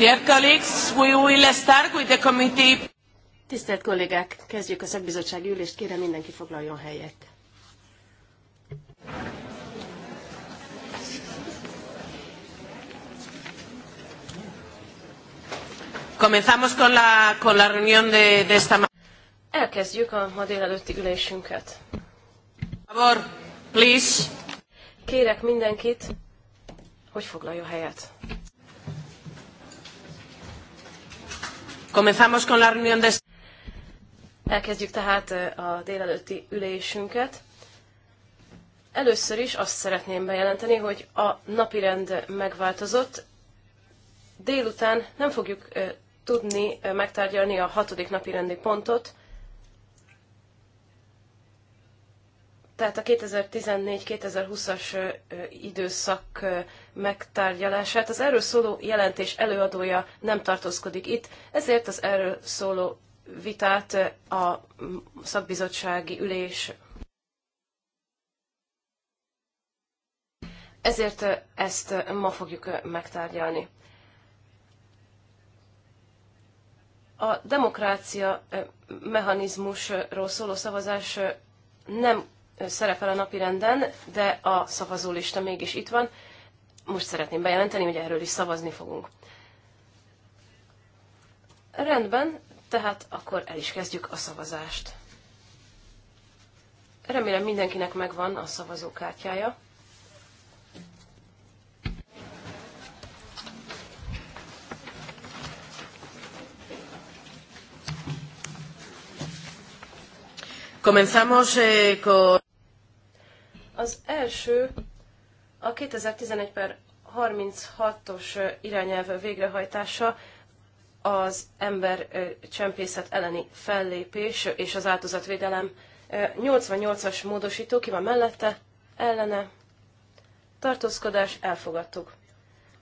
Dear colleagues, we will start with the committee. Tisztelt kollégák, kezdjük a szakbizottsági ülést, kérem mindenki foglaljon helyet. Comenzamos con la, con la reunión de, de esta Elkezdjük a ma délelőtti ülésünket. Favor, please. Kérek mindenkit, hogy foglaljon helyet. Comenzamos con la reunión de... Elkezdjük tehát a délelőtti ülésünket. Először is azt szeretném bejelenteni, hogy a napirend megváltozott. Délután nem fogjuk tudni megtárgyalni a hatodik napirendi pontot, Tehát a 2014-2020-as időszak megtárgyalását az erről szóló jelentés előadója nem tartózkodik itt, ezért az erről szóló vitát a szakbizottsági ülés. Ezért ezt ma fogjuk megtárgyalni. A demokrácia mechanizmusról szóló szavazás nem szerepel a napirenden, de a szavazólista mégis itt van. Most szeretném bejelenteni, hogy erről is szavazni fogunk. Rendben, tehát akkor el is kezdjük a szavazást. Remélem mindenkinek megvan a szavazókártyája. Comenzamos eh, con... Az első a 2011 per 36-os irányelv végrehajtása az ember csempészet elleni fellépés és az áldozatvédelem 88-as módosító, ki van mellette, ellene, tartózkodás, elfogadtuk.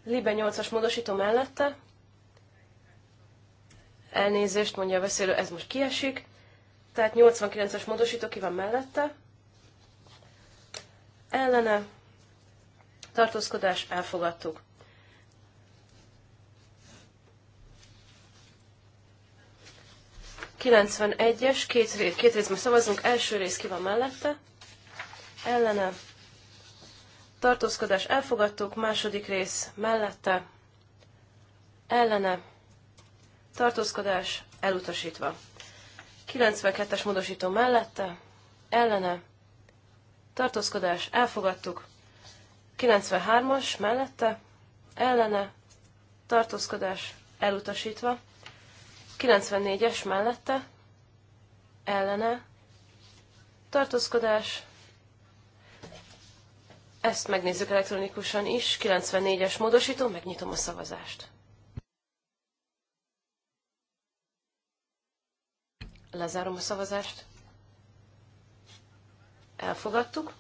Libe 8-as módosító mellette, elnézést mondja a beszélő, ez most kiesik, tehát 89 as módosító ki van mellette, ellene tartózkodás elfogadtuk. es két, ré, két részben szavazunk, első rész ki van mellette, ellene, tartózkodás elfogadtuk, második rész mellette, ellene, tartózkodás elutasítva. 92-es módosító mellette, ellene, tartózkodás, elfogadtuk. 93-as mellette, ellene, tartózkodás, elutasítva. 94-es mellette, ellene, tartózkodás, ezt megnézzük elektronikusan is, 94-es módosító, megnyitom a szavazást. Lezárom a szavazást. Elfogadtuk.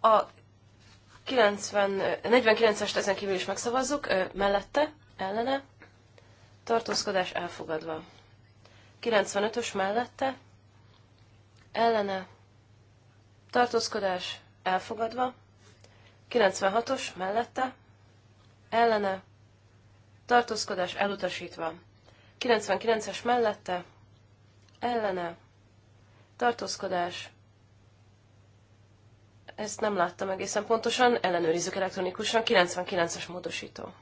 A 49-est ezen kívül is megszavazzuk, mellette, ellene, tartózkodás elfogadva. 95-ös mellette, ellene, tartózkodás elfogadva, 96-os mellette, ellene, tartózkodás elutasítva, 99-es mellette, ellene, tartózkodás, ezt nem láttam egészen pontosan, ellenőrizzük elektronikusan, 99-es módosító.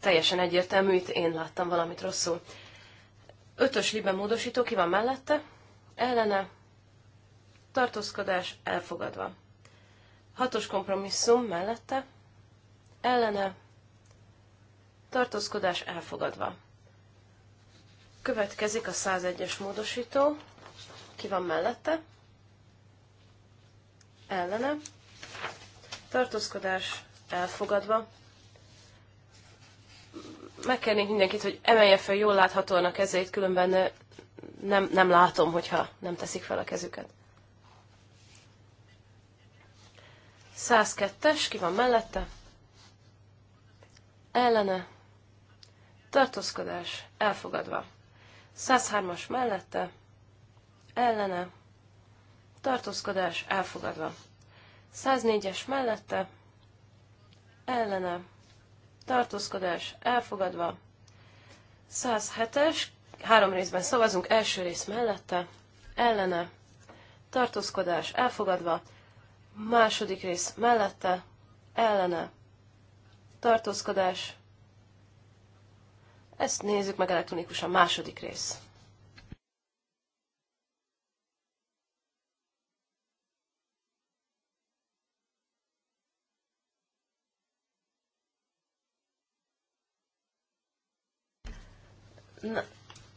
teljesen egyértelmű, itt én láttam valamit rosszul. Ötös libe módosító, ki van mellette? Ellene, tartózkodás elfogadva. Hatos kompromisszum mellette, ellene, tartózkodás elfogadva. Következik a 101-es módosító, ki van mellette, ellene, tartózkodás elfogadva. Megkérnék mindenkit, hogy emelje fel jól láthatóan a kezét, különben nem, nem látom, hogyha nem teszik fel a kezüket. 102-es, ki van mellette? Ellene. Tartózkodás. Elfogadva. 103-as mellette. Ellene. Tartózkodás. Elfogadva. 104-es mellette. Ellene. Tartózkodás. Elfogadva. 107-es. Három részben szavazunk. Első rész mellette. Ellene. Tartózkodás. Elfogadva Második rész mellette, ellene, tartózkodás. Ezt nézzük meg elektronikusan. Második rész. Na,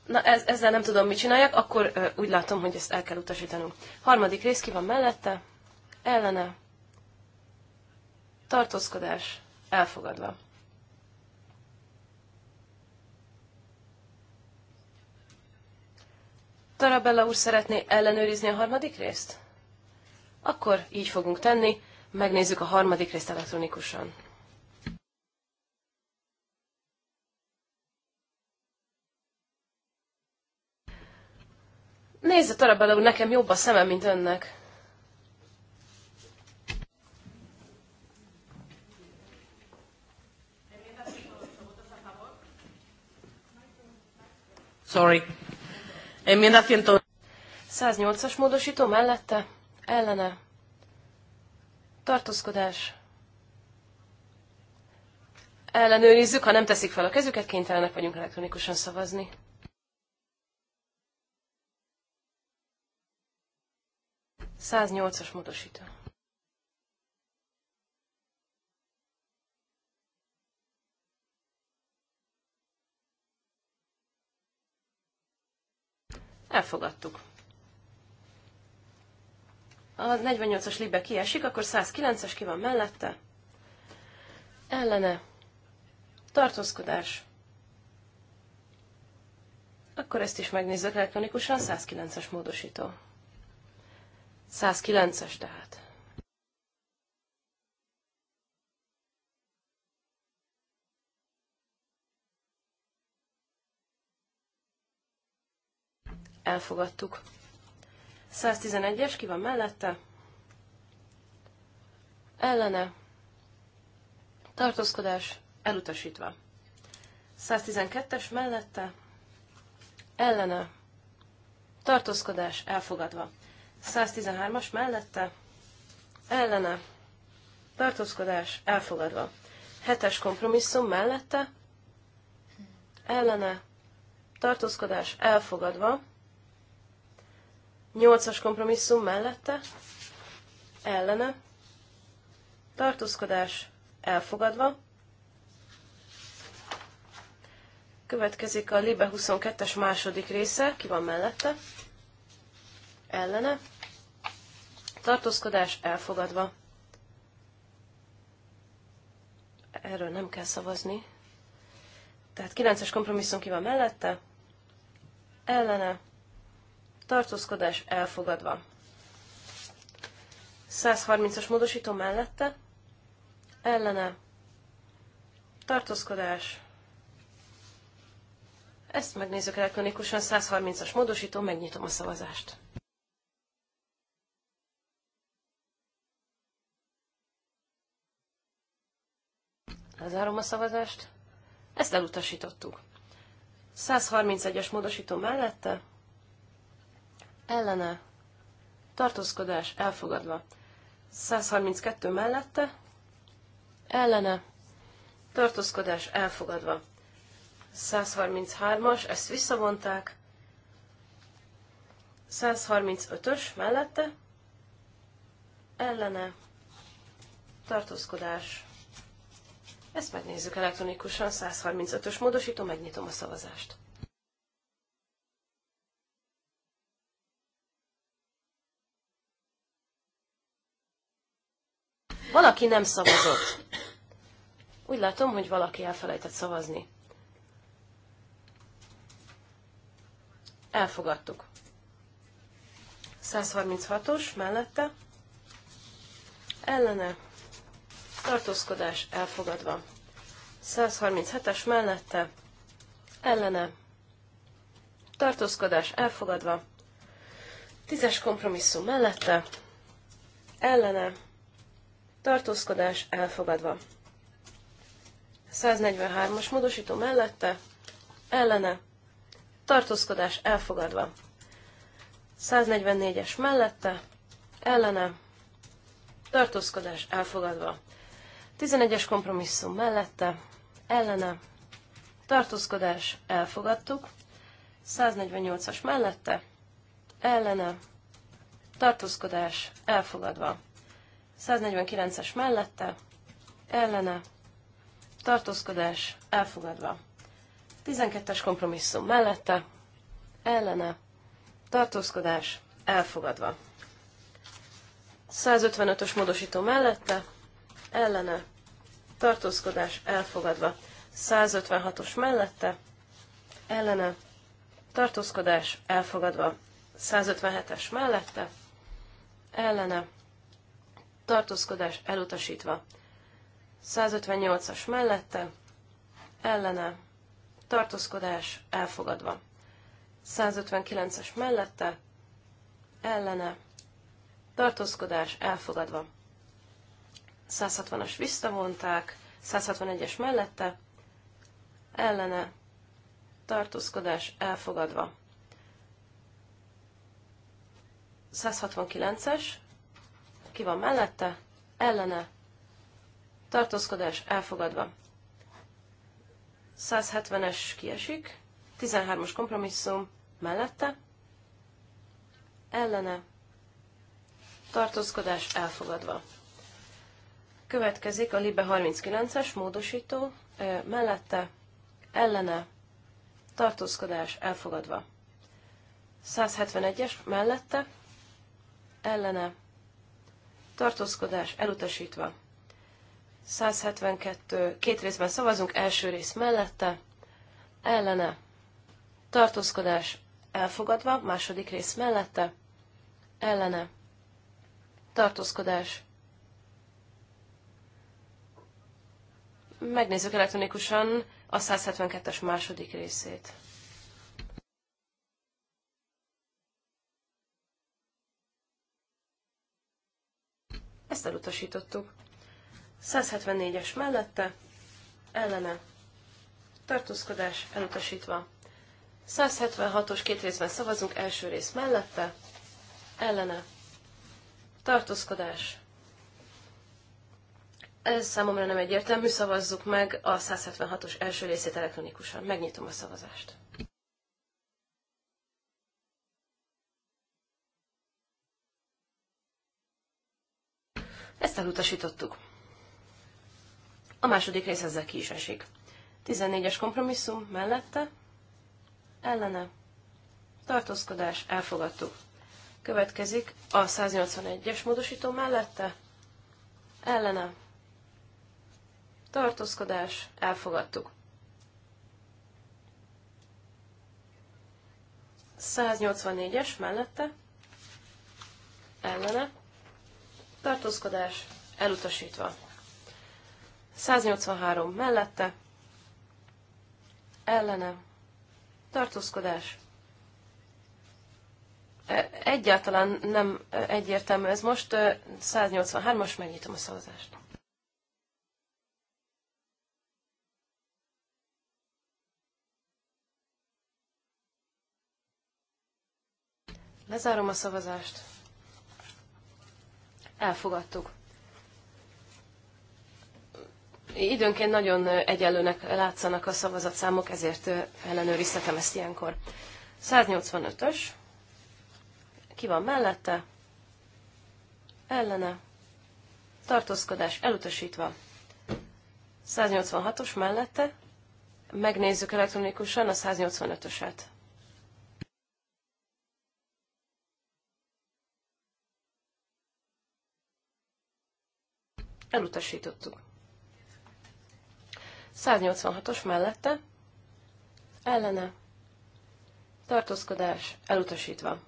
na ez, ezzel nem tudom, mit csináljak, akkor ö, úgy látom, hogy ezt el kell utasítanunk. Harmadik rész ki van mellette, ellene, tartózkodás, elfogadva. Tarabella úr szeretné ellenőrizni a harmadik részt? Akkor így fogunk tenni, megnézzük a harmadik részt elektronikusan. Nézze, Tarabella úr, nekem jobb a szemem, mint önnek. Sorry. Enmienda 108-as módosító mellette, ellene, tartózkodás. Ellenőrizzük, ha nem teszik fel a kezüket, kénytelenek vagyunk elektronikusan szavazni. Száznyolcas módosító. Elfogadtuk. A 48-as libe kiesik, akkor 109-es ki van mellette. Ellene. Tartózkodás. Akkor ezt is megnézzük elektronikusan, 109-es módosító. 109-es tehát. elfogadtuk. 111-es, ki van mellette? Ellene. Tartózkodás elutasítva. 112-es mellette. Ellene. Tartózkodás elfogadva. 113-as mellette. Ellene. Tartózkodás elfogadva. 7-es kompromisszum mellette. Ellene. Tartózkodás elfogadva. Nyolcas kompromisszum mellette, ellene, tartózkodás elfogadva. Következik a Libe 22-es második része, ki van mellette, ellene, tartózkodás elfogadva. Erről nem kell szavazni. Tehát 9-es kompromisszum ki van mellette, ellene, tartózkodás elfogadva. 130-as módosító mellette, ellene, tartózkodás, ezt megnézzük elektronikusan, 130-as módosító, megnyitom a szavazást. Lezárom a szavazást. Ezt elutasítottuk. 131-es módosító mellette, ellene, tartózkodás elfogadva. 132 mellette, ellene, tartózkodás elfogadva. 133-as, ezt visszavonták. 135-ös mellette, ellene, tartózkodás. Ezt megnézzük elektronikusan, 135-ös módosító, megnyitom a szavazást. Valaki nem szavazott. Úgy látom, hogy valaki elfelejtett szavazni. Elfogadtuk. 136-os mellette. Ellene. Tartózkodás elfogadva. 137-es mellette. Ellene. Tartózkodás elfogadva. 10-es kompromisszum mellette. Ellene tartózkodás elfogadva. 143-as módosító mellette, ellene, tartózkodás elfogadva. 144-es mellette, ellene, tartózkodás elfogadva. 11-es kompromisszum mellette, ellene, tartózkodás elfogadtuk. 148-as mellette, ellene, tartózkodás elfogadva. 149-es mellette, ellene, tartózkodás, elfogadva. 12-es kompromisszum mellette, ellene, tartózkodás, elfogadva. 155-ös módosító mellette, ellene, tartózkodás, elfogadva. 156-os mellette, ellene, tartózkodás, elfogadva. 157-es mellette, ellene, tartózkodás elutasítva. 158-as mellette, ellene, tartózkodás elfogadva. 159-es mellette, ellene, tartózkodás elfogadva. 160-as visszavonták, 161-es mellette, ellene, tartózkodás elfogadva. 169-es ki van mellette, ellene, tartózkodás elfogadva. 170-es kiesik, 13 os kompromisszum mellette, ellene, tartózkodás elfogadva. Következik a Libe 39-es módosító, mellette, ellene, tartózkodás elfogadva. 171-es mellette, ellene, tartózkodás elutasítva. 172, két részben szavazunk, első rész mellette, ellene, tartózkodás elfogadva, második rész mellette, ellene, tartózkodás. Megnézzük elektronikusan a 172-es második részét. Ezt elutasítottuk. 174-es mellette, ellene, tartózkodás elutasítva. 176-os két részben szavazunk, első rész mellette, ellene, tartózkodás. Ez számomra nem egyértelmű, szavazzuk meg a 176-os első részét elektronikusan. Megnyitom a szavazást. Ezt elutasítottuk. A második rész ezzel ki is esik. 14-es kompromisszum mellette, ellene, tartózkodás, elfogadtuk. Következik a 181-es módosító mellette, ellene, tartózkodás, elfogadtuk. 184-es mellette, ellene, tartózkodás elutasítva. 183 mellette, ellene, tartózkodás. E, egyáltalán nem e, egyértelmű ez most, 183-as, e, megnyitom a szavazást. Lezárom a szavazást elfogadtuk. Időnként nagyon egyenlőnek látszanak a szavazatszámok, ezért ellenőriztetem ezt ilyenkor. 185-ös. Ki van mellette? Ellene. Tartózkodás elutasítva. 186-os mellette. Megnézzük elektronikusan a 185-öset. Elutasítottuk. 186-os mellette, ellene, tartózkodás, elutasítva.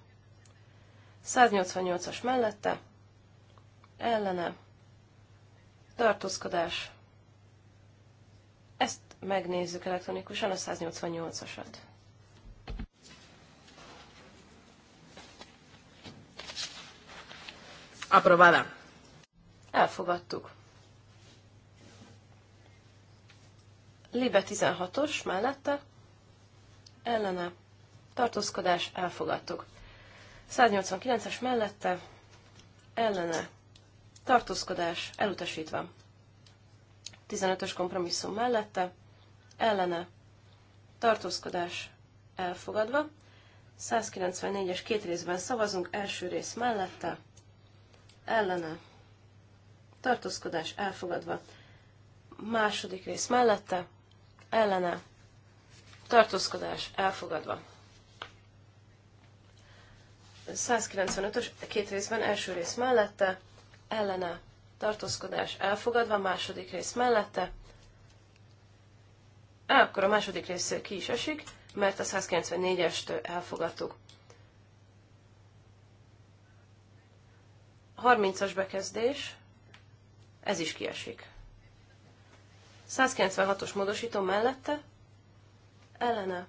188-as mellette, ellene, tartózkodás. Ezt megnézzük elektronikusan, a 188-asat. Aprobada. Elfogadtuk. Libe 16-os mellette, ellene, tartózkodás, elfogadtuk. 189-es mellette, ellene, tartózkodás, elutasítva. 15-ös kompromisszum mellette, ellene, tartózkodás, elfogadva. 194-es két részben szavazunk, első rész mellette, ellene, tartózkodás elfogadva. Második rész mellette, ellene, tartózkodás elfogadva. 195-ös két részben első rész mellette, ellene, tartózkodás elfogadva, második rész mellette. Á, akkor a második rész ki is esik, mert a 194-est elfogadtuk. 30-as bekezdés, ez is kiesik. 196-os módosító mellette, ellene,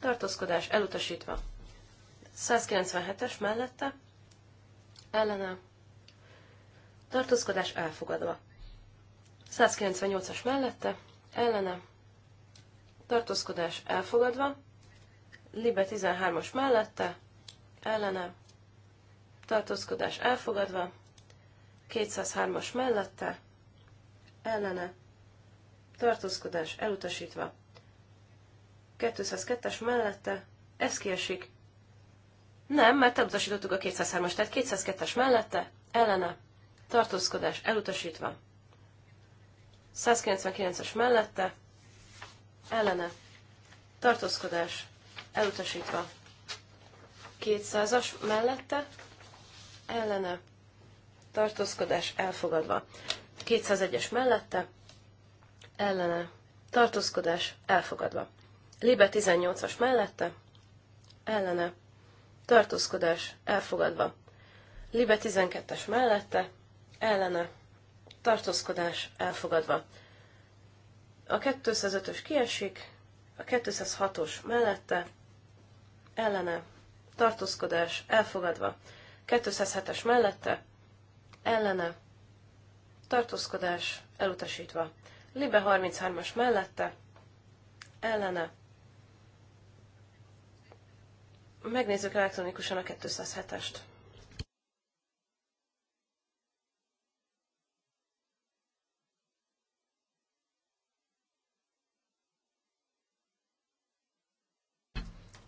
tartózkodás elutasítva. 197-es mellette, ellene, tartózkodás elfogadva. 198-as mellette, ellene, tartózkodás elfogadva. Libe 13-as mellette, ellene, tartózkodás elfogadva. 203-as mellette, ellene, tartózkodás elutasítva. 202-es mellette, ez kiesik. Nem, mert elutasítottuk a 203-as, tehát 202-es mellette, ellene, tartózkodás elutasítva. 199-es mellette, ellene, tartózkodás elutasítva. 200-as mellette, ellene, tartózkodás elfogadva. 201-es mellette, ellene, tartózkodás elfogadva. Libe 18-as mellette, ellene, tartózkodás elfogadva. Libe 12-es mellette, ellene, tartózkodás elfogadva. A 205-ös kiesik, a 206-os mellette, ellene, tartózkodás elfogadva. 207-es mellette, ellene, tartózkodás elutasítva. Libe 33-as mellette, ellene. Megnézzük elektronikusan a 207-est.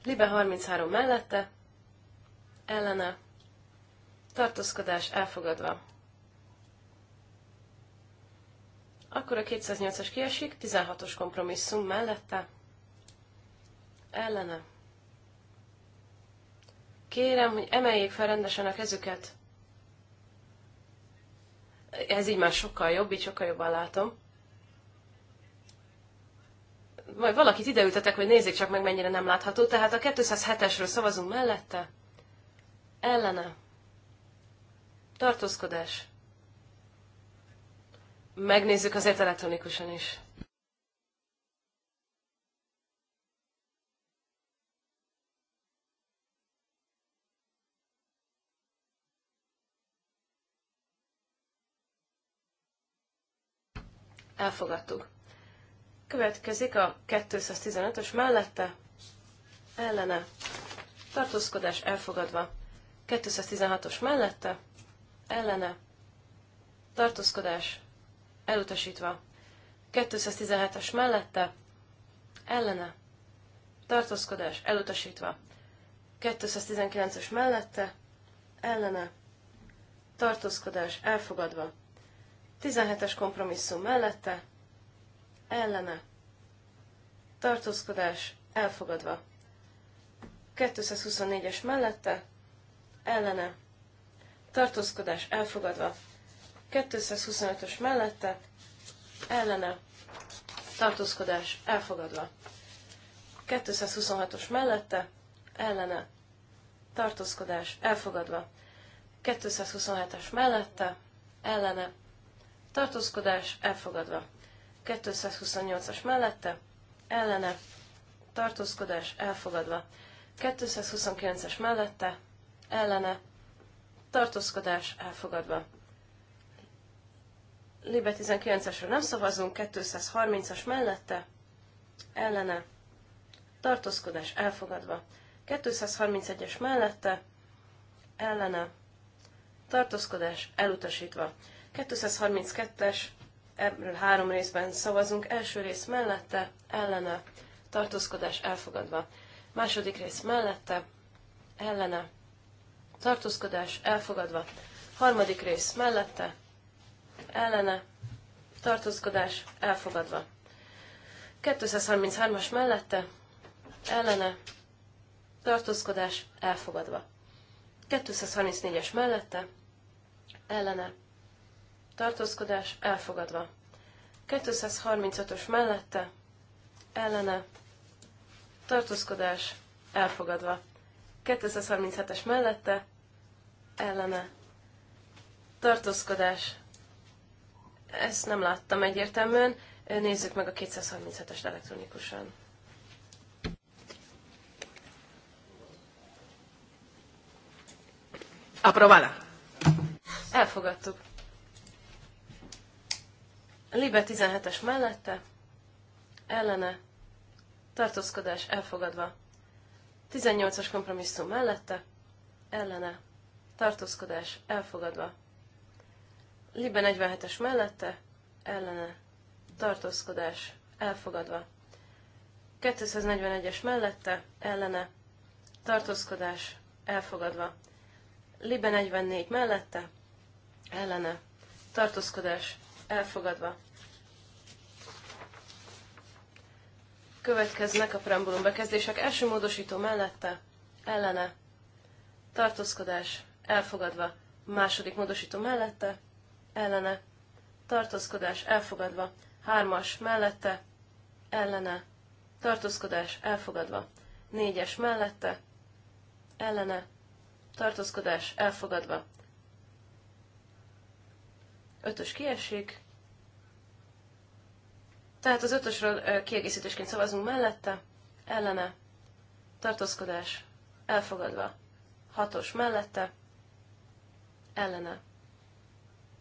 Libe 33 mellette, ellene, tartózkodás elfogadva. Akkor a 208-as kiesik, 16-os kompromisszum mellette, ellene. Kérem, hogy emeljék fel rendesen a kezüket. Ez így már sokkal jobb, így sokkal jobban látom. Majd valakit ideültetek, hogy nézzék csak meg, mennyire nem látható. Tehát a 207-esről szavazunk mellette. Ellene. Tartózkodás. Megnézzük azért elektronikusan is. Elfogadtuk. Következik a 215-ös mellette, ellene, tartózkodás elfogadva. 216-os mellette, ellene, tartózkodás, elutasítva. 217-es mellette, ellene, tartózkodás, elutasítva. 219-es mellette, ellene, tartózkodás, elfogadva. 17-es kompromisszum mellette, ellene, tartózkodás, elfogadva. 224-es mellette, ellene, tartózkodás elfogadva. 225-ös mellette, ellene, tartózkodás elfogadva. 226-os mellette, ellene, tartózkodás elfogadva. 227-es mellette, ellene, tartózkodás elfogadva. 228-as mellette, ellene, tartózkodás elfogadva. 229-es mellette, ellene, tartózkodás elfogadva. Libe 19 esre nem szavazunk, 230-as mellette, ellene, tartózkodás elfogadva. 231-es mellette, ellene, tartózkodás elutasítva. 232-es, ebből három részben szavazunk, első rész mellette, ellene, tartózkodás elfogadva. Második rész mellette, ellene, tartózkodás elfogadva. Harmadik rész mellette, ellene, tartózkodás elfogadva. 233-as mellette, ellene, tartózkodás elfogadva. 234-es mellette, ellene, tartózkodás elfogadva. 235-ös mellette, ellene, tartózkodás elfogadva. 237-es mellette ellene tartózkodás. Ezt nem láttam egyértelműen. Nézzük meg a 237-est elektronikusan. Aprovala. Elfogadtuk. Libe 17-es mellette, ellene, tartózkodás elfogadva. 18-as kompromisszum mellette, ellene, tartózkodás elfogadva. Libe 47-es mellette, ellene, tartózkodás elfogadva. 241-es mellette, ellene, tartózkodás elfogadva. Libe 44 mellette, ellene, tartózkodás elfogadva. Következnek a preambulum bekezdések. Első módosító mellette, ellene, tartózkodás, elfogadva. Második módosító mellette, ellene, tartózkodás, elfogadva. Hármas mellette, ellene, tartózkodás, elfogadva. Négyes mellette, ellene, tartózkodás, elfogadva. Ötös kiesik, tehát az ötösről kiegészítésként szavazunk mellette, ellene, tartózkodás, elfogadva. Hatos mellette, ellene,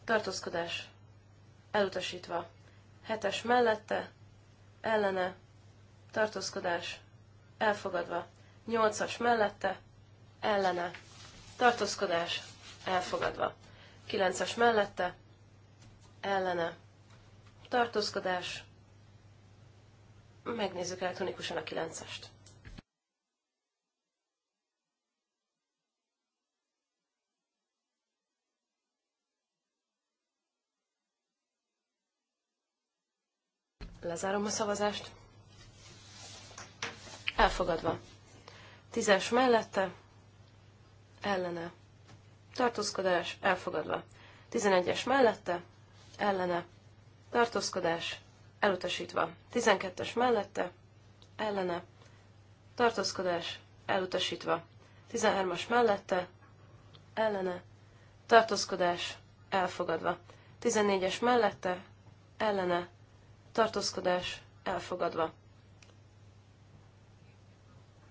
tartózkodás, elutasítva. Hetes mellette, ellene, tartózkodás, elfogadva. Nyolcas mellette, ellene, tartózkodás, elfogadva. Kilences mellette, ellene, tartózkodás, Megnézzük elektronikusan a 9-est. Lezárom a szavazást. Elfogadva. Tízes mellette, ellene. Tartózkodás, elfogadva. Tizenegyes mellette, ellene. Tartózkodás, elutasítva. 12-es mellette, ellene, tartózkodás, elutasítva. 13-as mellette, ellene, tartózkodás, elfogadva. 14-es mellette, ellene, tartózkodás, elfogadva.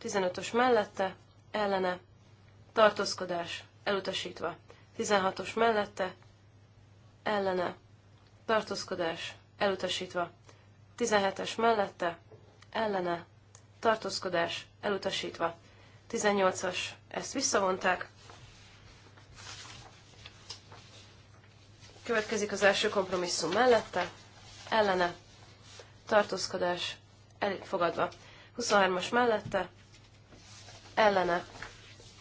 15-ös mellette, ellene, tartózkodás, elutasítva. 16-os mellette, ellene, tartózkodás, elutasítva. 17-es mellette, ellene, tartózkodás, elutasítva. 18-as, ezt visszavonták. Következik az első kompromisszum mellette, ellene, tartózkodás, elfogadva. 23-as mellette, ellene,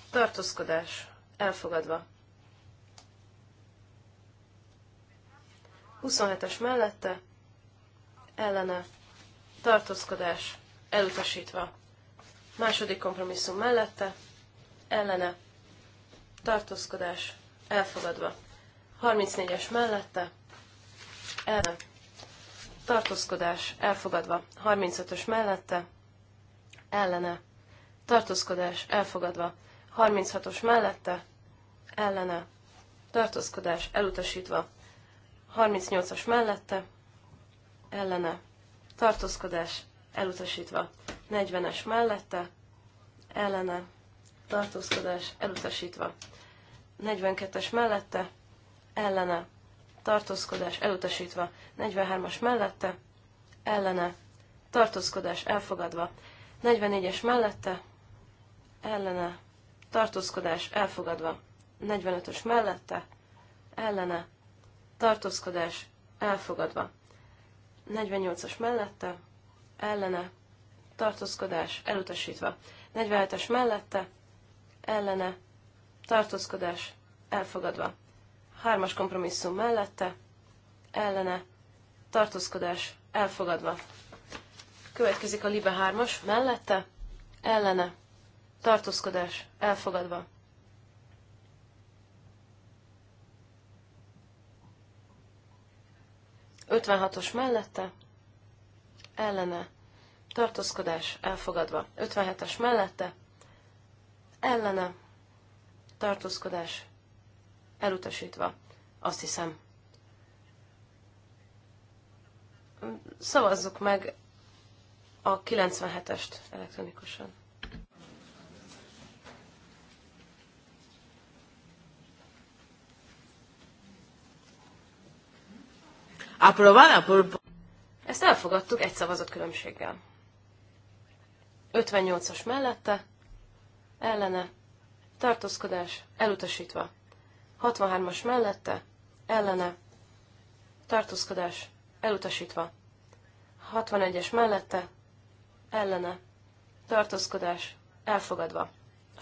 tartózkodás, elfogadva. 27-es mellette ellene tartózkodás elutasítva. Második kompromisszum mellette ellene tartózkodás elfogadva. 34-es mellette ellene tartózkodás elfogadva. 35-ös mellette ellene tartózkodás elfogadva. 36-os mellette ellene tartózkodás elutasítva. 38-as mellette, ellene, tartózkodás, elutasítva. 40-es mellette, ellene, tartózkodás, elutasítva. 42-es mellette, ellene, tartózkodás, elutasítva. 43-as mellette, ellene, tartózkodás, elfogadva. 44-es mellette, ellene, tartózkodás, elfogadva. 45-ös mellette, ellene, tartózkodás elfogadva. 48-as mellette, ellene, tartózkodás elutasítva. 47-es mellette, ellene, tartózkodás elfogadva. 3-as kompromisszum mellette, ellene, tartózkodás elfogadva. Következik a Libe 3-as mellette, ellene, tartózkodás elfogadva. 56-os mellette, ellene, tartózkodás elfogadva. 57-es mellette, ellene, tartózkodás elutasítva. Azt hiszem. Szavazzuk meg a 97-est elektronikusan. aprobada por... Ezt elfogadtuk egy szavazat különbséggel. 58-as mellette, ellene, tartózkodás, elutasítva. 63-as mellette, ellene, tartózkodás, elutasítva. 61-es mellette, ellene, tartózkodás, elfogadva.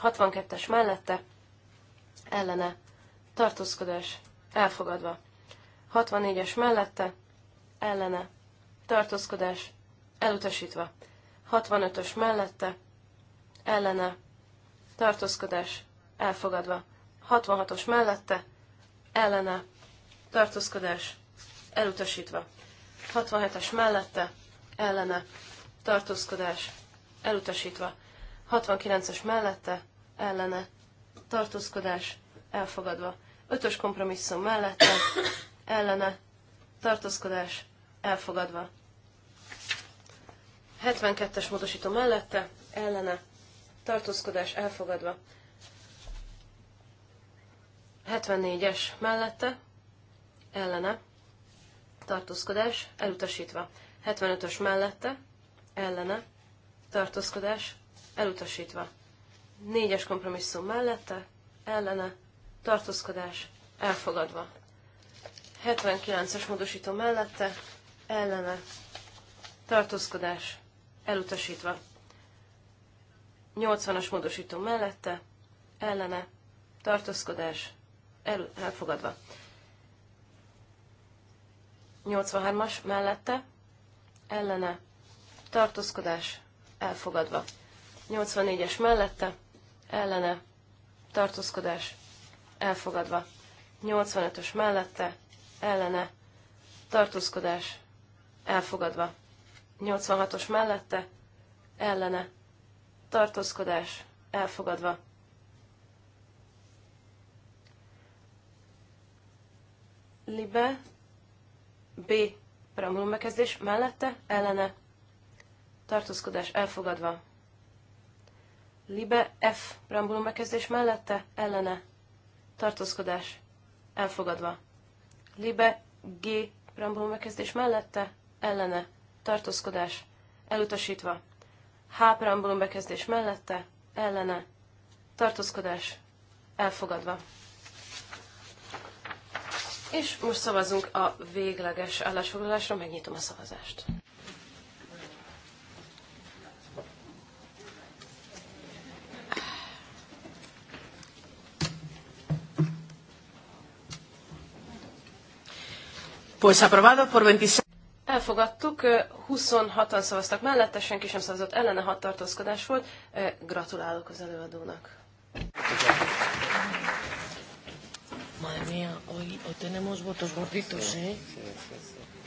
62-es mellette, ellene, tartózkodás, elfogadva. 64-es mellette, ellene, tartózkodás, elutasítva. 65-ös mellette, ellene, tartózkodás, elfogadva. 66-os mellette, ellene, tartózkodás, elutasítva. 67-es mellette, ellene, tartózkodás, elutasítva. 69-es mellette, ellene, tartózkodás, elfogadva. 5-ös kompromisszum mellette, ellene, tartózkodás, elfogadva. 72-es módosító mellette, ellene, tartózkodás, elfogadva. 74-es mellette, ellene, tartózkodás, elutasítva. 75-ös mellette, ellene, tartózkodás, elutasítva. 4-es kompromisszum mellette, ellene, tartózkodás, elfogadva. 79-es módosító mellette, ellene, tartózkodás, elutasítva. 80-as módosító mellette, ellene, tartózkodás, el, elfogadva. 83-as mellette, ellene, tartózkodás, elfogadva. 84-es mellette, ellene, tartózkodás, elfogadva. 85-ös mellette, ellene tartózkodás elfogadva. 86-os mellette ellene tartózkodás elfogadva. Libe B. Pramulum bekezdés mellette ellene tartózkodás elfogadva. Libe F. Preambulum bekezdés mellette ellene tartózkodás elfogadva. Libe G. Rambó megkezdés mellette, ellene, tartózkodás, elutasítva. H. Rambó megkezdés mellette, ellene, tartózkodás, elfogadva. És most szavazunk a végleges állásfoglalásra, megnyitom a szavazást. Pues aprobado por 26. Elfogadtuk, 26-an szavaztak mellette, senki sem szavazott ellene, hat tartózkodás volt. Gratulálok az előadónak. Madre mía, hoy, hoy tenemos votos gorditos, ¿eh? Sí, sí, sí.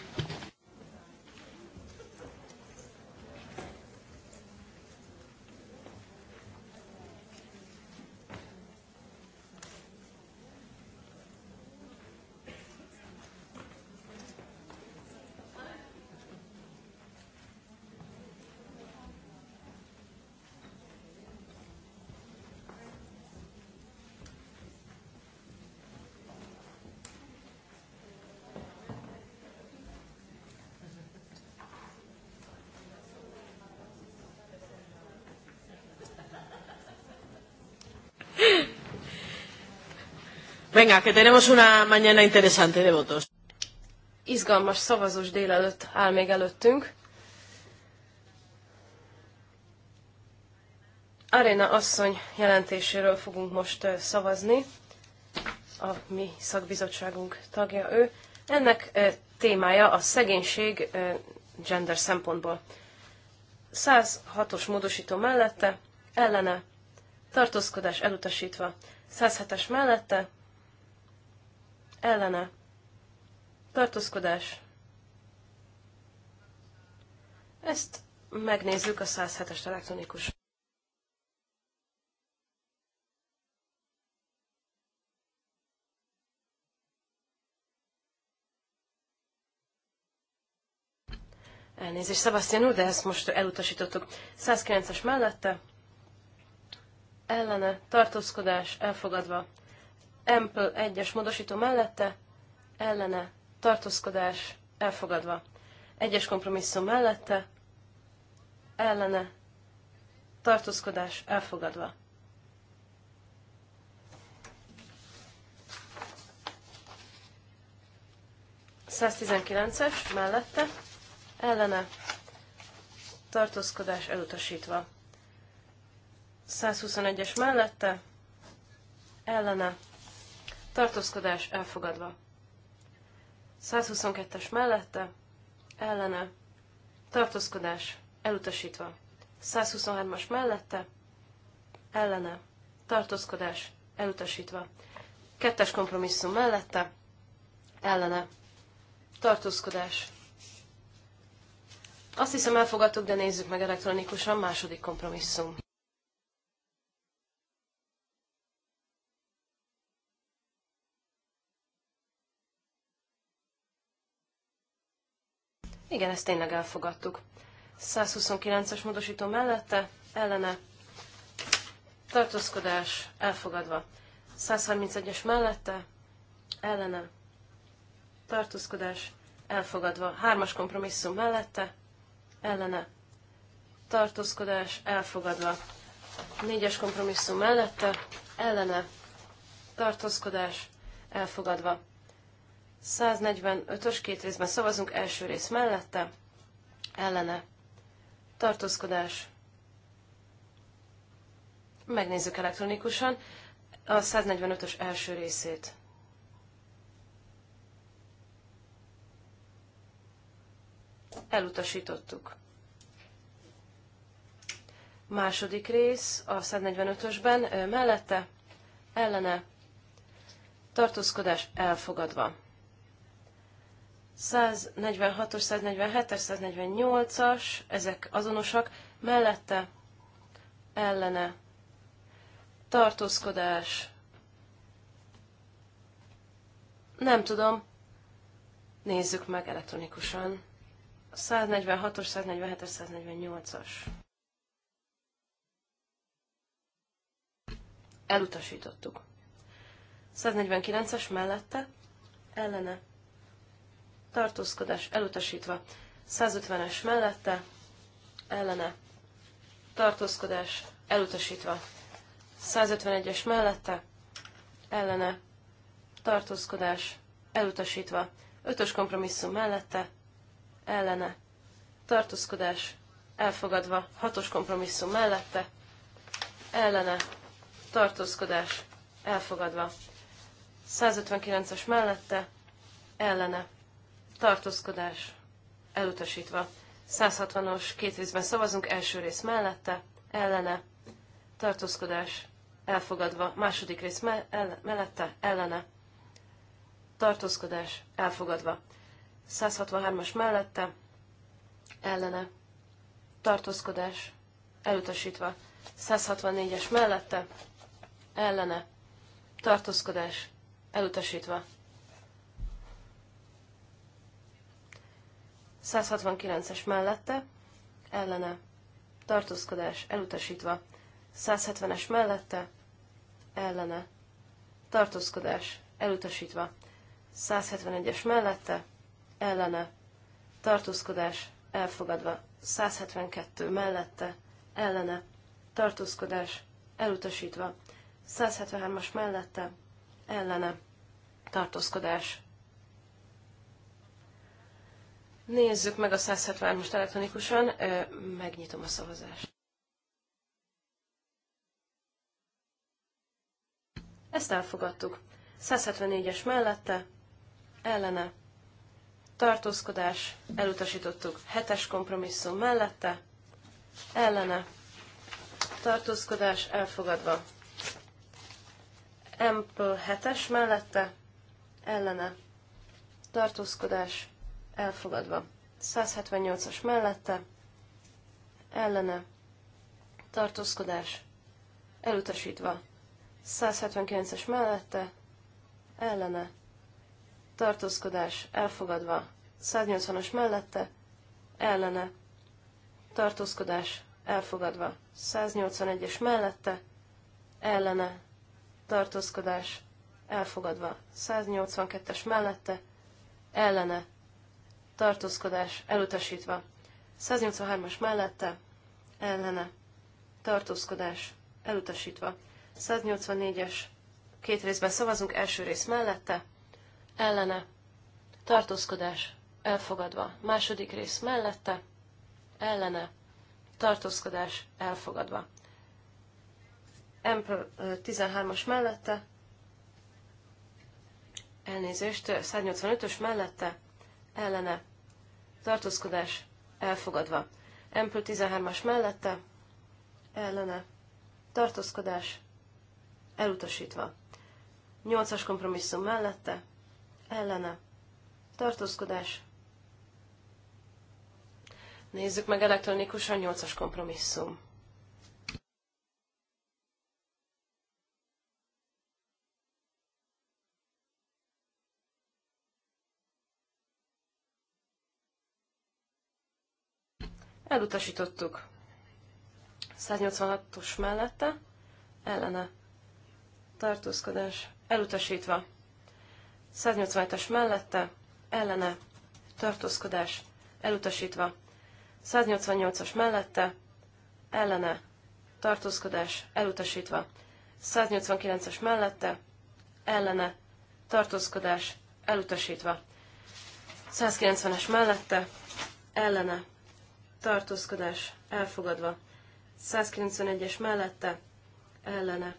Venga, que tenemos una mañana interesante de votos. Izgalmas szavazós délelőtt áll még előttünk. Aréna asszony jelentéséről fogunk most szavazni. A mi szakbizottságunk tagja ő. Ennek témája a szegénység gender szempontból. 106-os módosító mellette, ellene, tartózkodás elutasítva. 107-es mellette, ellene, tartózkodás. Ezt megnézzük a 107-es elektronikus. Elnézést, Sebastian úr, de ezt most elutasítottuk. 109-es mellette, ellene, tartózkodás, elfogadva. Ample egyes modosító módosító mellette, ellene, tartózkodás, elfogadva. Egyes kompromisszum mellette, ellene, tartózkodás, elfogadva. es mellette, ellene, tartózkodás elutasítva. 121-es mellette, ellene, tartózkodás elfogadva. 122-es mellette, ellene, tartózkodás elutasítva. 123-as mellette, ellene, tartózkodás elutasítva. Kettes kompromisszum mellette, ellene, tartózkodás. Azt hiszem elfogadtuk, de nézzük meg elektronikusan második kompromisszum. Igen, ezt tényleg elfogadtuk. 129-es módosító mellette, ellene, tartózkodás elfogadva. 131-es mellette, ellene, tartózkodás elfogadva. Hármas kompromisszum mellette, ellene, tartózkodás elfogadva. Négyes kompromisszum mellette, ellene, tartózkodás elfogadva. 145-ös két részben szavazunk, első rész mellette, ellene, tartózkodás. Megnézzük elektronikusan a 145-ös első részét. Elutasítottuk. Második rész a 145-ösben mellette, ellene, tartózkodás elfogadva. 146-os, 147-es, 148-as, ezek azonosak, mellette ellene tartózkodás. Nem tudom. Nézzük meg elektronikusan. 146-os, 147-es, 148-as. Elutasítottuk. 149-es mellette, ellene tartózkodás elutasítva. 150-es mellette, ellene, tartózkodás elutasítva. 151-es mellette, ellene, tartózkodás elutasítva. 5-ös kompromisszum mellette, ellene, tartózkodás elfogadva. 6-os kompromisszum mellette, ellene, tartózkodás elfogadva. 159-es mellette, ellene, tartózkodás elutasítva. 160-os két részben szavazunk, első rész mellette, ellene, tartózkodás elfogadva, második rész me- el- mellette, ellene, tartózkodás elfogadva. 163-as mellette, ellene, tartózkodás elutasítva. 164-es mellette, ellene, tartózkodás elutasítva. 169-es mellette, ellene, tartózkodás elutasítva, 170-es mellette, ellene, tartózkodás elutasítva, 171-es mellette, ellene, tartózkodás elfogadva, 172 mellette, ellene, tartózkodás elutasítva, 173-as mellette, ellene, tartózkodás Nézzük meg a 173 most elektronikusan, megnyitom a szavazást. Ezt elfogadtuk. 174-es mellette, ellene, tartózkodás, elutasítottuk. 7-es kompromisszum mellette, ellene, tartózkodás, elfogadva. Ample 7-es mellette, ellene, tartózkodás, elfogadva. 178-as mellette, ellene, tartózkodás, elutasítva. 179-es mellette, ellene, tartózkodás, elfogadva. 180-as mellette, ellene, tartózkodás, elfogadva. 181-es mellette, ellene, tartózkodás, elfogadva. 182-es mellette, ellene, tartózkodás elutasítva. 183-as mellette, ellene, tartózkodás elutasítva. 184-es, két részben szavazunk, első rész mellette, ellene, tartózkodás elfogadva. Második rész mellette, ellene, tartózkodás elfogadva. Empl 13-as mellette, elnézést, 185-ös mellette, ellene, tartózkodás elfogadva. Ample 13-as mellette, ellene, tartózkodás elutasítva. 8-as kompromisszum mellette, ellene, tartózkodás. Nézzük meg elektronikusan 8-as kompromisszum. Elutasítottuk. 186-os mellette, ellene. Tartózkodás elutasítva. 187-es mellette, ellene. Tartózkodás elutasítva. 188-as mellette, ellene. Tartózkodás elutasítva. 189-es mellette, ellene. Tartózkodás elutasítva. 190-es mellette, ellene tartózkodás elfogadva. 191-es mellette, ellene,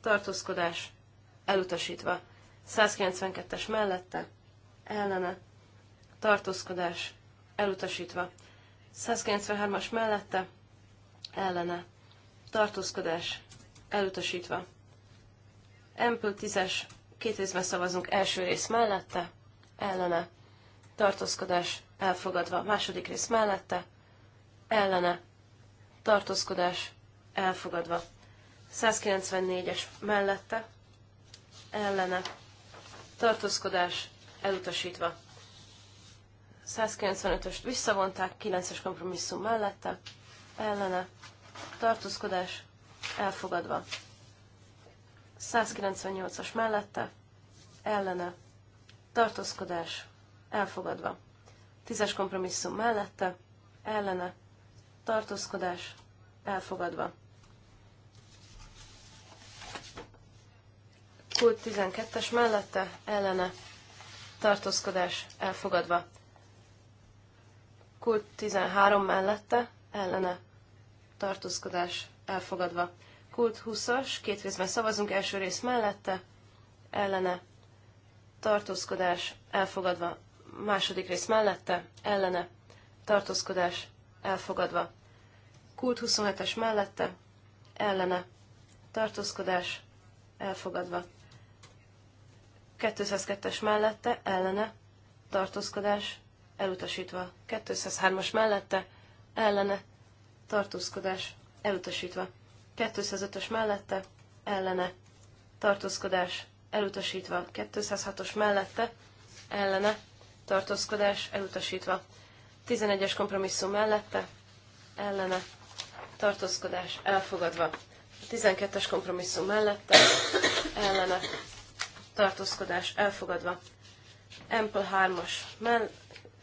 tartózkodás elutasítva. 192-es mellette, ellene, tartózkodás elutasítva. 193-as mellette, ellene, tartózkodás elutasítva. Empül 10-es, két részben szavazunk első rész mellette, ellene, tartózkodás elfogadva, második rész mellette, ellene, tartózkodás elfogadva. 194-es mellette, ellene, tartózkodás elutasítva. 195-öst visszavonták, 9-es kompromisszum mellette, ellene, tartózkodás elfogadva. 198-as mellette, ellene, tartózkodás elfogadva. 10-es kompromisszum mellette, ellene, tartózkodás elfogadva. Kult 12-es mellette ellene tartózkodás elfogadva. Kult 13 mellette ellene tartózkodás elfogadva. Kult 20-as, két részben szavazunk, első rész mellette ellene tartózkodás elfogadva. Második rész mellette ellene tartózkodás elfogadva. Kult 27-es mellette, ellene, tartózkodás, elfogadva. 202-es mellette, ellene, tartózkodás, elutasítva. 203-as mellette, ellene, tartózkodás, elutasítva. 205-ös mellette, ellene, tartózkodás, elutasítva. 206-os mellette, ellene, tartózkodás, elutasítva. 11-es kompromisszum mellette, ellene, tartózkodás elfogadva. A 12-es kompromisszum mellette, ellene, tartózkodás elfogadva. Ample 3-as, mell-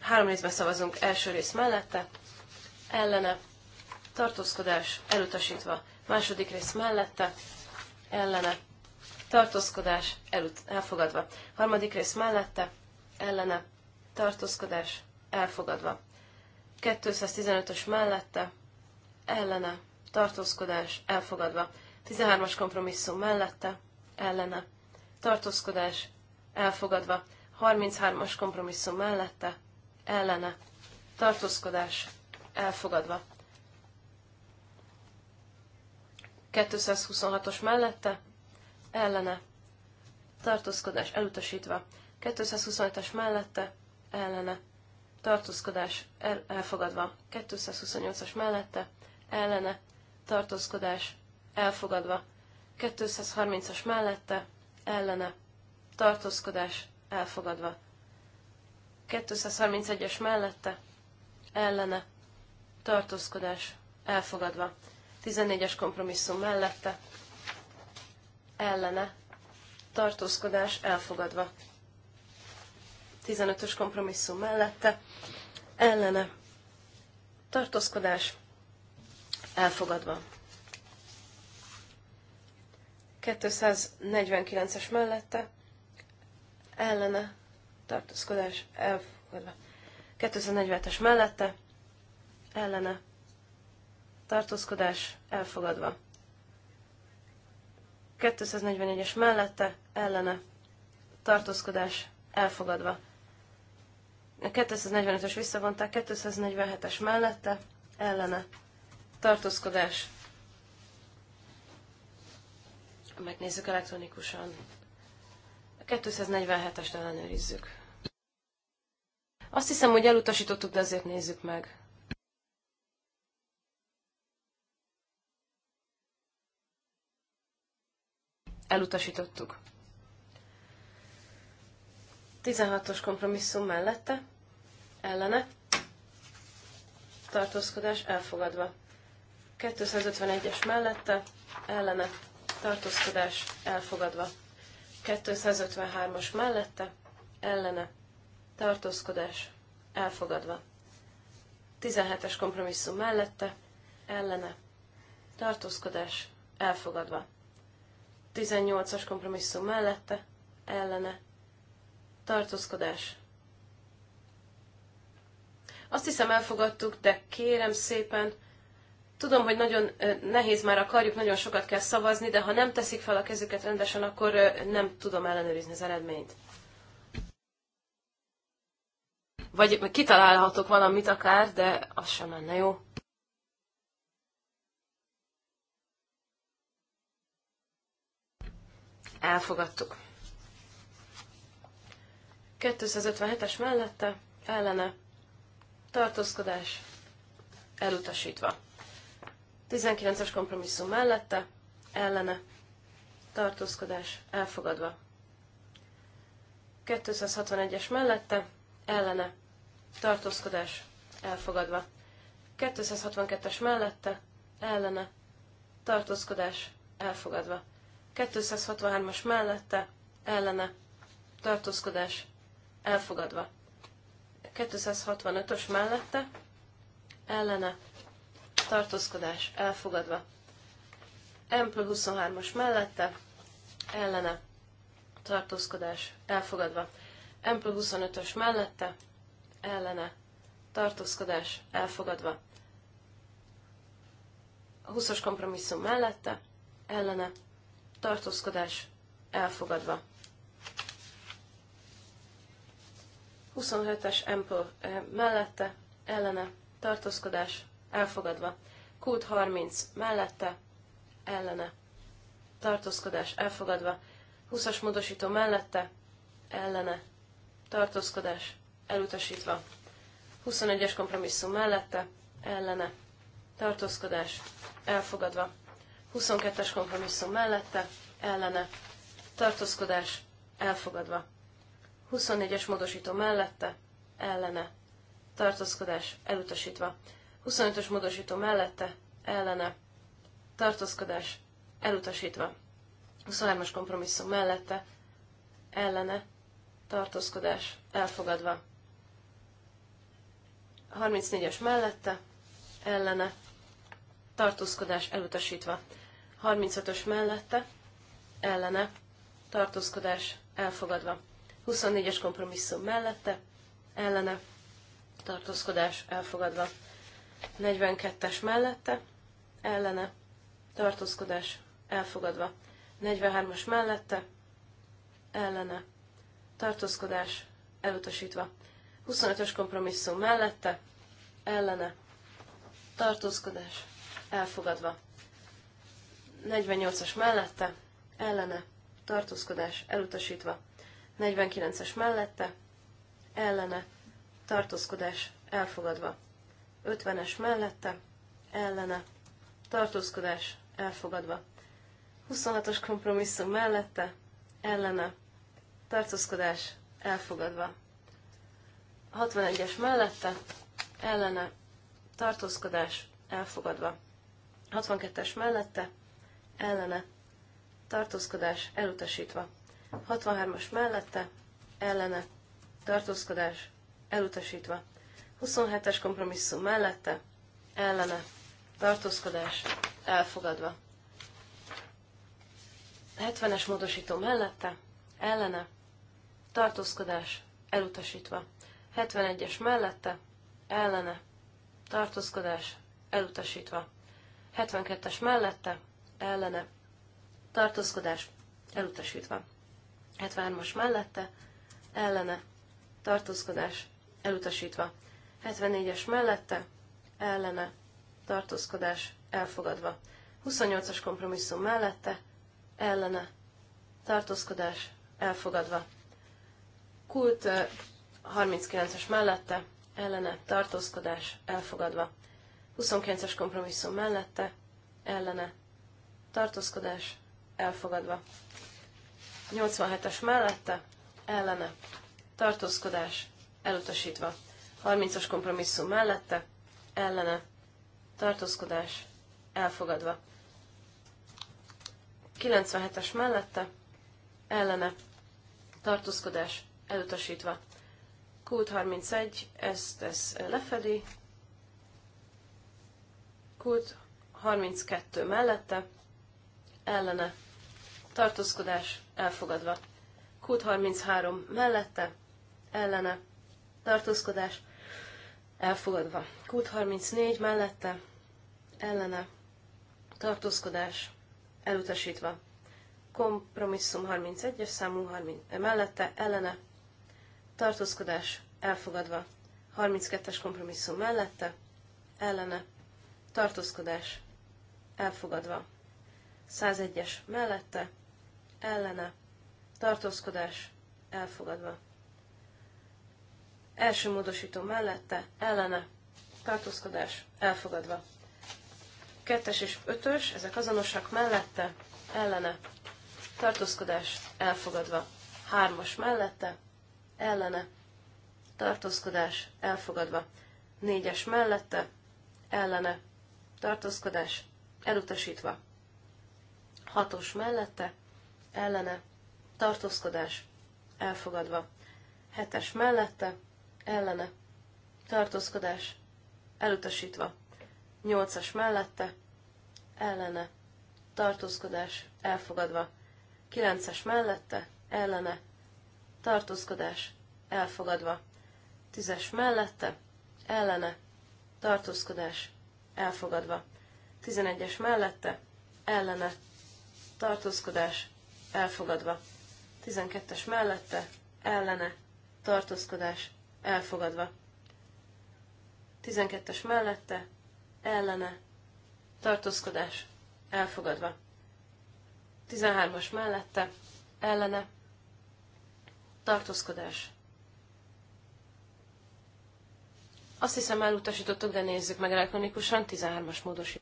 három részben szavazunk első rész mellette, ellene, tartózkodás elutasítva. Második rész mellette, ellene, tartózkodás elut- elfogadva. Harmadik rész mellette, ellene, tartózkodás elfogadva. 215-ös mellette, ellene, tartózkodás, elfogadva. 13-as kompromisszum mellette, ellene, tartózkodás, elfogadva. 33-as kompromisszum mellette, ellene, tartózkodás, elfogadva. 226-os mellette, ellene, tartózkodás elutasítva. 225-es mellette, ellene, tartózkodás el, elfogadva. 228-as mellette, ellene, tartózkodás elfogadva. 230-as mellette, ellene, tartózkodás elfogadva. 231-es mellette, ellene, tartózkodás elfogadva. 14-es kompromisszum mellette, ellene, tartózkodás elfogadva. 15-ös kompromisszum mellette, ellene tartózkodás elfogadva. 249-es mellette, ellene tartózkodás elfogadva. 247-es mellette, ellene tartózkodás elfogadva. 241-es mellette, ellene tartózkodás elfogadva. 245-ös visszavonták, 247-es mellette, ellene, tartózkodás. Megnézzük elektronikusan. A 247-est ellenőrizzük. Azt hiszem, hogy elutasítottuk, de azért nézzük meg. Elutasítottuk. 16-os kompromisszum mellette ellene, tartózkodás elfogadva. 251-es mellette, ellene, tartózkodás elfogadva. 253-as mellette, ellene, tartózkodás elfogadva. 17-es kompromisszum mellette, ellene, tartózkodás elfogadva. 18-as kompromisszum mellette, ellene, tartózkodás azt hiszem elfogadtuk, de kérem szépen, tudom, hogy nagyon nehéz már akarjuk, nagyon sokat kell szavazni, de ha nem teszik fel a kezüket rendesen, akkor nem tudom ellenőrizni az eredményt. Vagy kitalálhatok valamit akár, de az sem lenne jó. Elfogadtuk. 257-es mellette, ellene, tartózkodás elutasítva. 19-es kompromisszum mellette, ellene, tartózkodás elfogadva. 261-es mellette, ellene, tartózkodás elfogadva. 262-es mellette, ellene, tartózkodás elfogadva. 263-as mellette, ellene, tartózkodás elfogadva. 265-ös mellette ellene tartózkodás elfogadva. Ample 23-as mellette ellene tartózkodás elfogadva. Ample 25-ös mellette ellene tartózkodás elfogadva. A 20-as kompromisszum mellette ellene tartózkodás elfogadva. 25 es Ample eh, mellette, ellene, tartózkodás, elfogadva. Kult 30 mellette, ellene, tartózkodás, elfogadva. 20-as módosító mellette, ellene, tartózkodás, elutasítva. 21-es kompromisszum mellette, ellene, tartózkodás, elfogadva. 22-es kompromisszum mellette, ellene, tartózkodás, elfogadva. 24-es módosító mellette, ellene, tartózkodás elutasítva. 25-ös módosító mellette, ellene, tartózkodás elutasítva. 23-as kompromisszum mellette, ellene, tartózkodás elfogadva. 34-es mellette, ellene, tartózkodás elutasítva. 35-ös mellette, ellene, tartózkodás elfogadva. 24-es kompromisszum mellette, ellene, tartózkodás elfogadva. 42-es mellette, ellene, tartózkodás elfogadva. 43-as mellette, ellene, tartózkodás elutasítva. 25-ös kompromisszum mellette, ellene, tartózkodás elfogadva. 48-as mellette, ellene, tartózkodás elutasítva. 49-es mellette, ellene, tartózkodás elfogadva. 50-es mellette, ellene, tartózkodás elfogadva. 26-os kompromisszum mellette, ellene, tartózkodás elfogadva. 61-es mellette, ellene, tartózkodás elfogadva. 62-es mellette, ellene, tartózkodás elutasítva. 63-as mellette, ellene, tartózkodás, elutasítva. 27-es kompromisszum mellette, ellene, tartózkodás, elfogadva. 70-es módosító mellette, ellene, tartózkodás, elutasítva. 71-es mellette, ellene, tartózkodás, elutasítva. 72-es mellette, ellene, tartózkodás, elutasítva. 73-as mellette, ellene, tartózkodás, elutasítva. 74-es mellette, ellene, tartózkodás, elfogadva. 28-as kompromisszum mellette, ellene, tartózkodás, elfogadva. Kult 39-es mellette, ellene, tartózkodás, elfogadva. 29-es kompromisszum mellette, ellene, tartózkodás, elfogadva. 87-es mellette, ellene, tartózkodás, elutasítva. 30-as kompromisszum mellette, ellene, tartózkodás, elfogadva. 97-es mellette, ellene, tartózkodás, elutasítva. Kult 31, ezt ez lefedi. Kult 32 mellette, ellene, tartózkodás elfogadva. Kút 33 mellette, ellene, tartózkodás elfogadva. Kút 34 mellette, ellene, tartózkodás elutasítva. Kompromisszum 31-es számú 30, mellette, ellene, tartózkodás elfogadva. 32-es kompromisszum mellette, ellene, tartózkodás elfogadva. 101-es mellette, ellene, tartózkodás elfogadva. Első módosító mellette, ellene, tartózkodás elfogadva. Kettes és ötös, ezek azonosak mellette, ellene, tartózkodás elfogadva. Hármas mellette, ellene, tartózkodás elfogadva. Négyes mellette, ellene, tartózkodás elutasítva. Hatos mellette, ellene, tartózkodás, elfogadva. Hetes mellette, ellene, tartózkodás, elutasítva. Nyolcas mellette, ellene, tartózkodás, elfogadva. Kilences mellette, ellene, tartózkodás, elfogadva. Tízes mellette, ellene, tartózkodás, elfogadva. Tizenegyes mellette, ellene, tartózkodás, elfogadva. 12-es mellette, ellene, tartózkodás, elfogadva. 12-es mellette, ellene, tartózkodás, elfogadva. 13-as mellette, ellene, tartózkodás. Azt hiszem elutasítottuk, de nézzük meg elektronikusan, 13-as módosítás.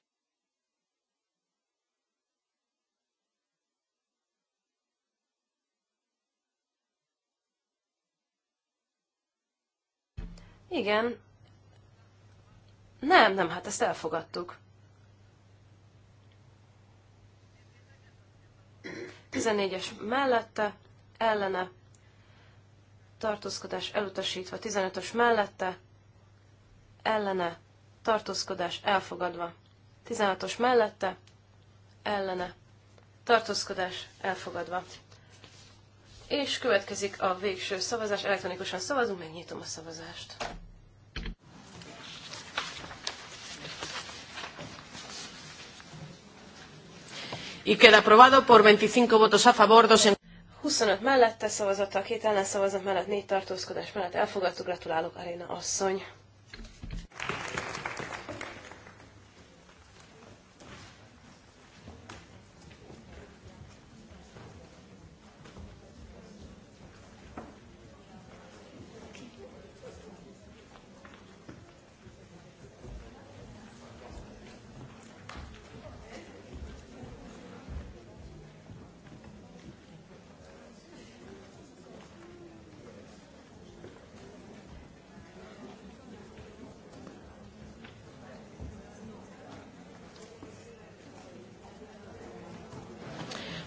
Igen. Nem, nem, hát ezt elfogadtuk. 14-es mellette, ellene, tartózkodás elutasítva, 15-ös mellette, ellene, tartózkodás elfogadva, 16-os mellette, ellene, tartózkodás elfogadva és következik a végső szavazás. Elektronikusan szavazunk, megnyitom a szavazást. Y queda aprobado por 25 votos a favor, 2 en... 25 mellette a két ellenszavazat mellett, négy tartózkodás mellett elfogadtuk. Gratulálok, Aréna asszony!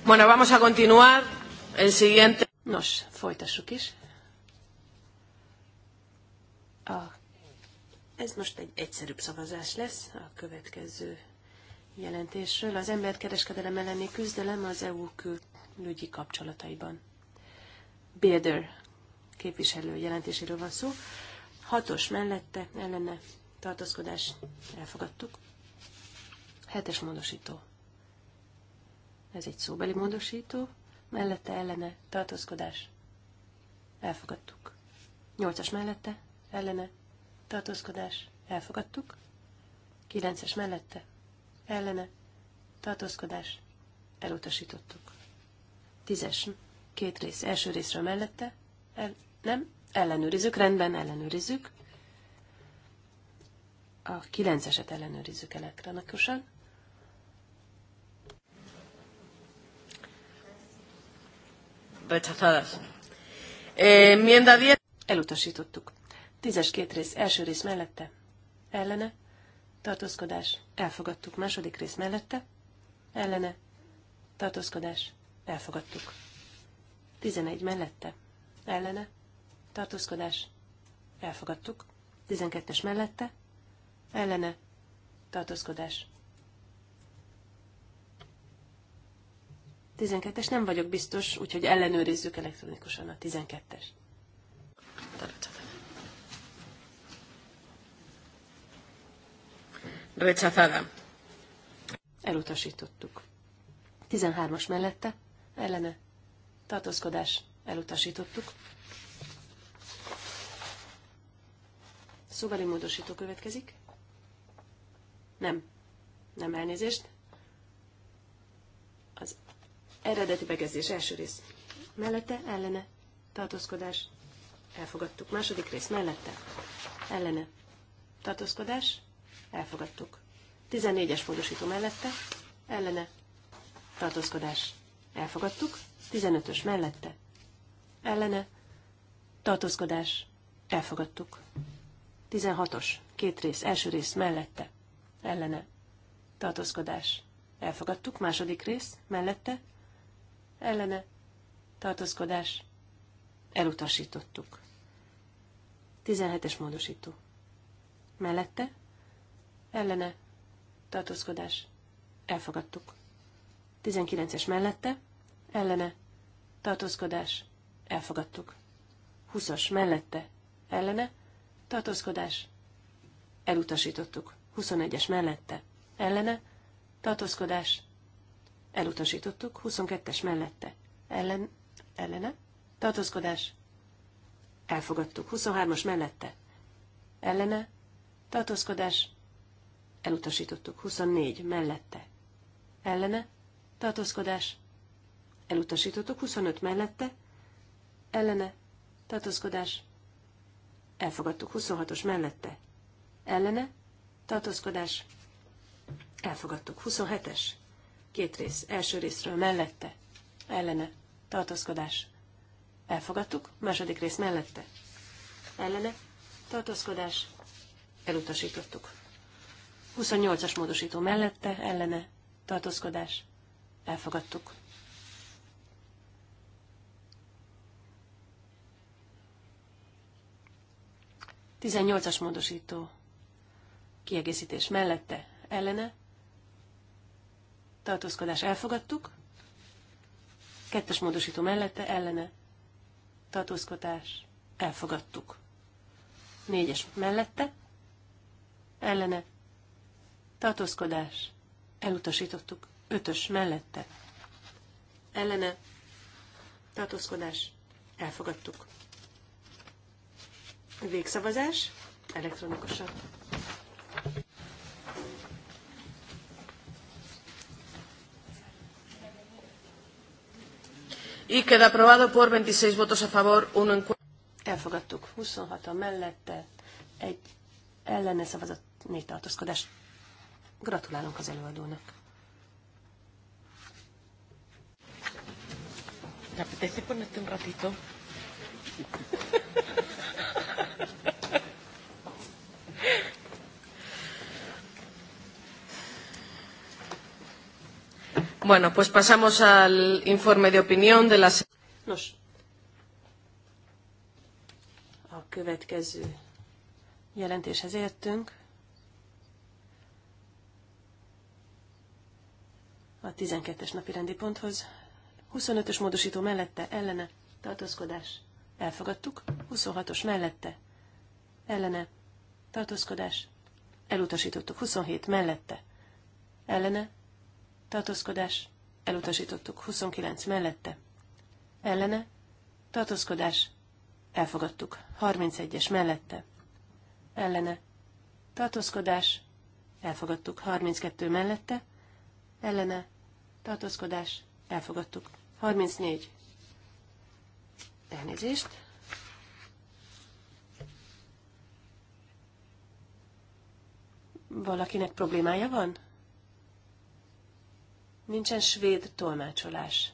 Bueno, vamos a continuar. El siguiente... Nos, folytassuk is. A, ez most egy egyszerűbb szavazás lesz a következő jelentésről. Az emberkereskedelem elleni küzdelem az EU külügyi kapcsolataiban. Bilder képviselő jelentéséről van szó. Hatos mellette ellene tartózkodás elfogadtuk. Hetes módosító ez egy szóbeli módosító, mellette ellene tartózkodás. Elfogadtuk. Nyolcas mellette ellene tartózkodás. Elfogadtuk. Kilences mellette ellene tartózkodás. Elutasítottuk. Tízes két rész. Első részről mellette el, nem, ellenőrizzük, rendben ellenőrizzük. A kilenceset ellenőrizzük elektronikusan. rechazadas. Enmienda 10. Elutasítottuk. Tízes két rész, első rész mellette, ellene, tartózkodás, elfogadtuk. Második rész mellette, ellene, tartózkodás, elfogadtuk. Tizenegy mellette, ellene, tartózkodás, elfogadtuk. Tizenkettes mellette, ellene, tartózkodás, 12-es nem vagyok biztos, úgyhogy ellenőrizzük elektronikusan a 12-es. Rechazada. Elutasítottuk. 13-as mellette, ellene, tartózkodás, elutasítottuk. Szóbeli módosító következik. Nem. Nem elnézést. Eredeti bekezdés első rész. Mellette, ellene, tartózkodás, elfogadtuk. Második rész mellette, ellene, tartózkodás, elfogadtuk. 14-es módosító mellette, ellene, tartózkodás, elfogadtuk. 15-ös mellette, ellene, tartózkodás, elfogadtuk. 16-os, két rész, első rész mellette, ellene, tartózkodás, elfogadtuk. Második rész mellette, ellene tartózkodás elutasítottuk. 17-es módosító. Mellette ellene tartózkodás elfogadtuk. 19-es mellette ellene tartózkodás elfogadtuk. 20-as mellette ellene tartózkodás elutasítottuk. 21-es mellette ellene tartózkodás Elutasítottuk. 22-es mellette. Ellen, ellene. Tartózkodás. Elfogadtuk. 23-as mellette. Ellene. Tartózkodás. Elutasítottuk. 24 mellette. Ellene. Tartózkodás. Elutasítottuk. 25 mellette. Ellene. Tartózkodás. Elfogadtuk. 26-os mellette. Ellene. Tartózkodás. Elfogadtuk. 27-es. Két rész. Első részről mellette, ellene, tartózkodás. Elfogadtuk. Második rész mellette, ellene, tartózkodás. Elutasítottuk. 28-as módosító mellette, ellene, tartózkodás. Elfogadtuk. Tizennyolcas módosító kiegészítés mellette, ellene, tartózkodás elfogadtuk, kettes módosító mellette ellene tartózkodás elfogadtuk. Négyes mellette ellene tartózkodás elutasítottuk. Ötös mellette ellene tartózkodás elfogadtuk. Végszavazás elektronikusan. Így queda aprobado por 26 votos a favor, uno en contra. Elfogadtuk 26-a mellette, egy ellene szavazott négy tartózkodás. Gratulálunk az előadónak. ¿Te apetece ponerte un ratito? Bueno, pues pasamos al informe de opinión de las... Nos. A következő jelentéshez értünk. A 12-es napi rendi ponthoz. 25-ös módosító mellette, ellene, tartózkodás. Elfogadtuk. 26-os mellette, ellene, tartózkodás. Elutasítottuk. 27 mellette, ellene, tartózkodás, elutasítottuk 29 mellette, ellene, tartózkodás, elfogadtuk 31-es mellette, ellene, tartózkodás, elfogadtuk 32 mellette, ellene, tartózkodás, elfogadtuk 34. Elnézést. Valakinek problémája van? Nincsen svéd tolmácsolás.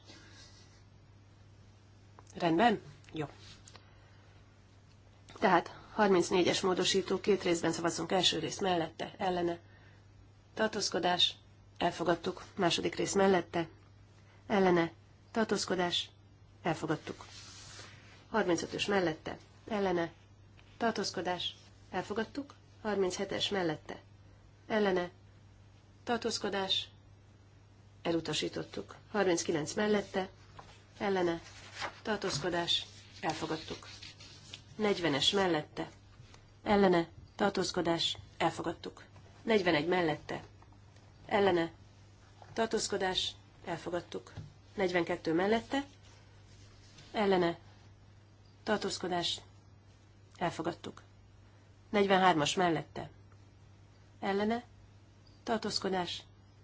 Rendben? Jó. Tehát 34-es módosító, két részben szavazunk első rész mellette, ellene. Tartózkodás, elfogadtuk. Második rész mellette, ellene. Tartózkodás, elfogadtuk. 35-ös mellette, ellene. Tartózkodás, elfogadtuk. 37-es mellette, ellene. Tartózkodás, elutasítottuk. 39 mellette, ellene, tartózkodás, elfogadtuk. 40-es mellette, ellene, tartózkodás, elfogadtuk. 41 mellette, ellene, tartózkodás, elfogadtuk. 42 mellette, ellene, tartózkodás, elfogadtuk. 43-as mellette, ellene, tartózkodás,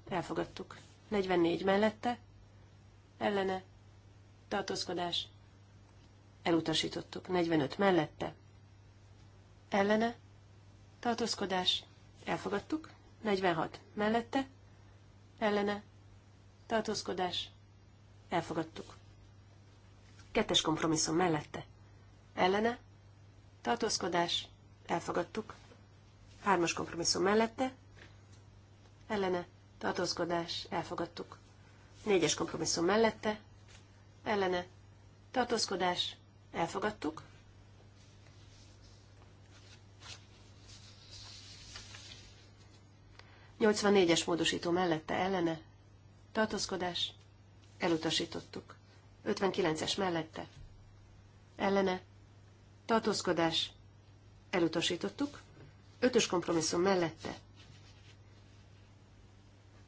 elfogadtuk. 44 mellette, ellene, tartózkodás, elutasítottuk. 45 mellette, ellene, tartózkodás, elfogadtuk. 46 mellette, ellene, tartózkodás, elfogadtuk. Kettes kompromisszum mellette, ellene, tartózkodás, elfogadtuk. Hármas kompromisszum mellette, ellene, tartózkodás, elfogadtuk. Négyes kompromisszum mellette, ellene, tartózkodás, elfogadtuk. Nyolcvannégyes módosító mellette, ellene, tartózkodás, elutasítottuk. 59-es mellette, ellene, tartózkodás, elutasítottuk. Ötös kompromisszum mellette,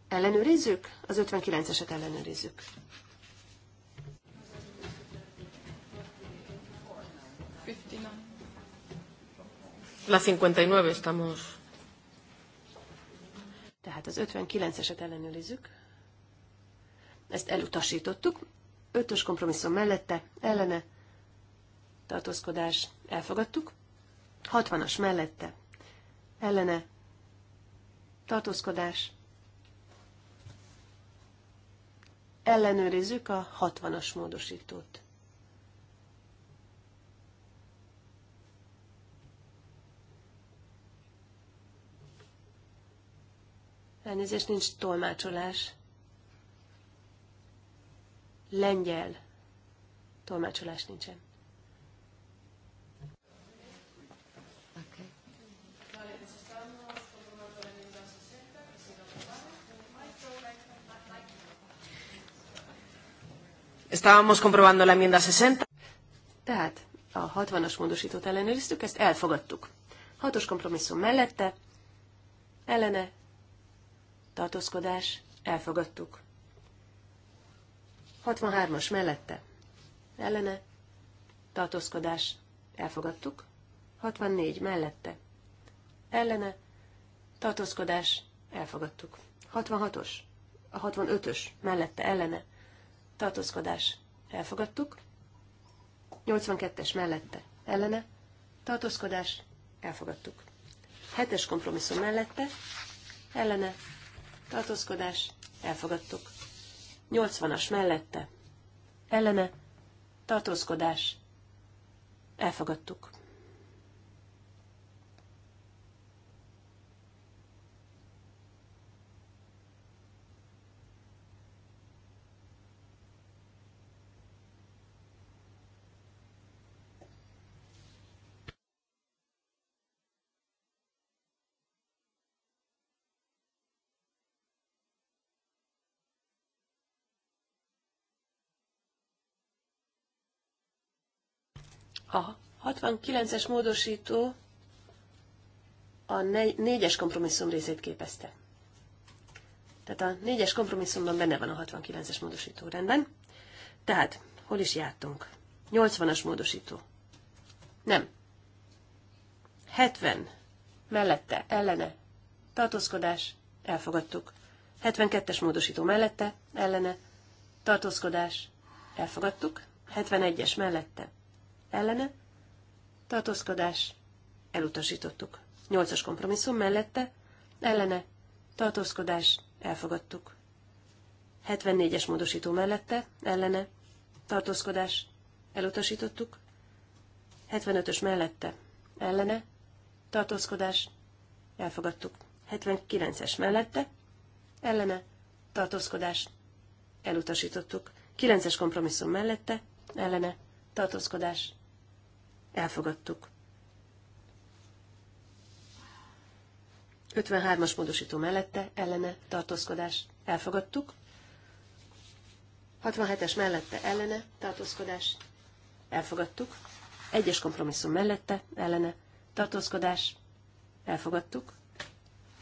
Ellenőrizzük? Az 59-eset ellenőrizzük. La 59 estamos. Tehát az 59-eset ellenőrizzük. Ezt elutasítottuk. Ötös kompromisszum mellette, ellene, tartózkodás, elfogadtuk. 60-as mellette, ellene, tartózkodás, ellenőrizzük a 60-as módosítót. Elnézést, nincs tolmácsolás. Lengyel tolmácsolás nincsen. Estábamos comprobando la enmienda 60. Tehát a 60-as módosítót ellenőriztük, ezt elfogadtuk. Hatos kompromisszum mellette, ellene, tartózkodás, elfogadtuk. 63-as mellette, ellene, tartózkodás, elfogadtuk. 64 mellette, ellene, tartózkodás, elfogadtuk. 66-os, a 65-ös mellette, ellene, tartózkodás elfogadtuk, 82-es mellette ellene, tartózkodás elfogadtuk. 7-es kompromisszum mellette ellene, tartózkodás elfogadtuk. 80-as mellette ellene, tartózkodás elfogadtuk. A 69-es módosító a négyes kompromisszum részét képezte. Tehát a négyes kompromisszumban benne van a 69-es módosító rendben. Tehát, hol is jártunk? 80-as módosító. Nem. 70. Mellette, ellene. Tartózkodás. Elfogadtuk. 72-es módosító mellette, ellene. Tartózkodás. Elfogadtuk. 71-es mellette, ellene, tartózkodás, elutasítottuk. Nyolcas kompromisszum mellette, ellene, tartózkodás, elfogadtuk. 74-es módosító mellette, ellene, tartózkodás, elutasítottuk. 75-ös mellette, ellene, tartózkodás, elfogadtuk. 79-es mellette, ellene, tartózkodás, elutasítottuk. 9-es kompromisszum mellette, ellene, tartózkodás, elfogadtuk. 53-as módosító mellette, ellene, tartózkodás, elfogadtuk. 67-es mellette, ellene, tartózkodás, elfogadtuk. Egyes kompromisszum mellette, ellene, tartózkodás, elfogadtuk.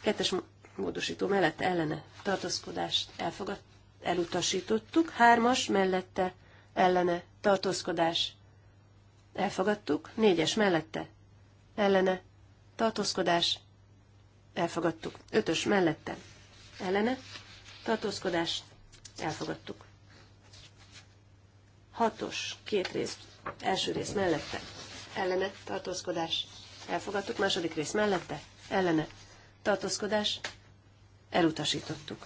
Kettes módosító mellette, ellene, tartózkodás, elfogadtuk elutasítottuk, hármas mellette ellene tartózkodás elfogadtuk, négyes mellette ellene tartózkodás elfogadtuk, ötös mellette ellene tartózkodás elfogadtuk. Hatos, két rész, első rész mellette ellene tartózkodás elfogadtuk, második rész mellette ellene tartózkodás elutasítottuk.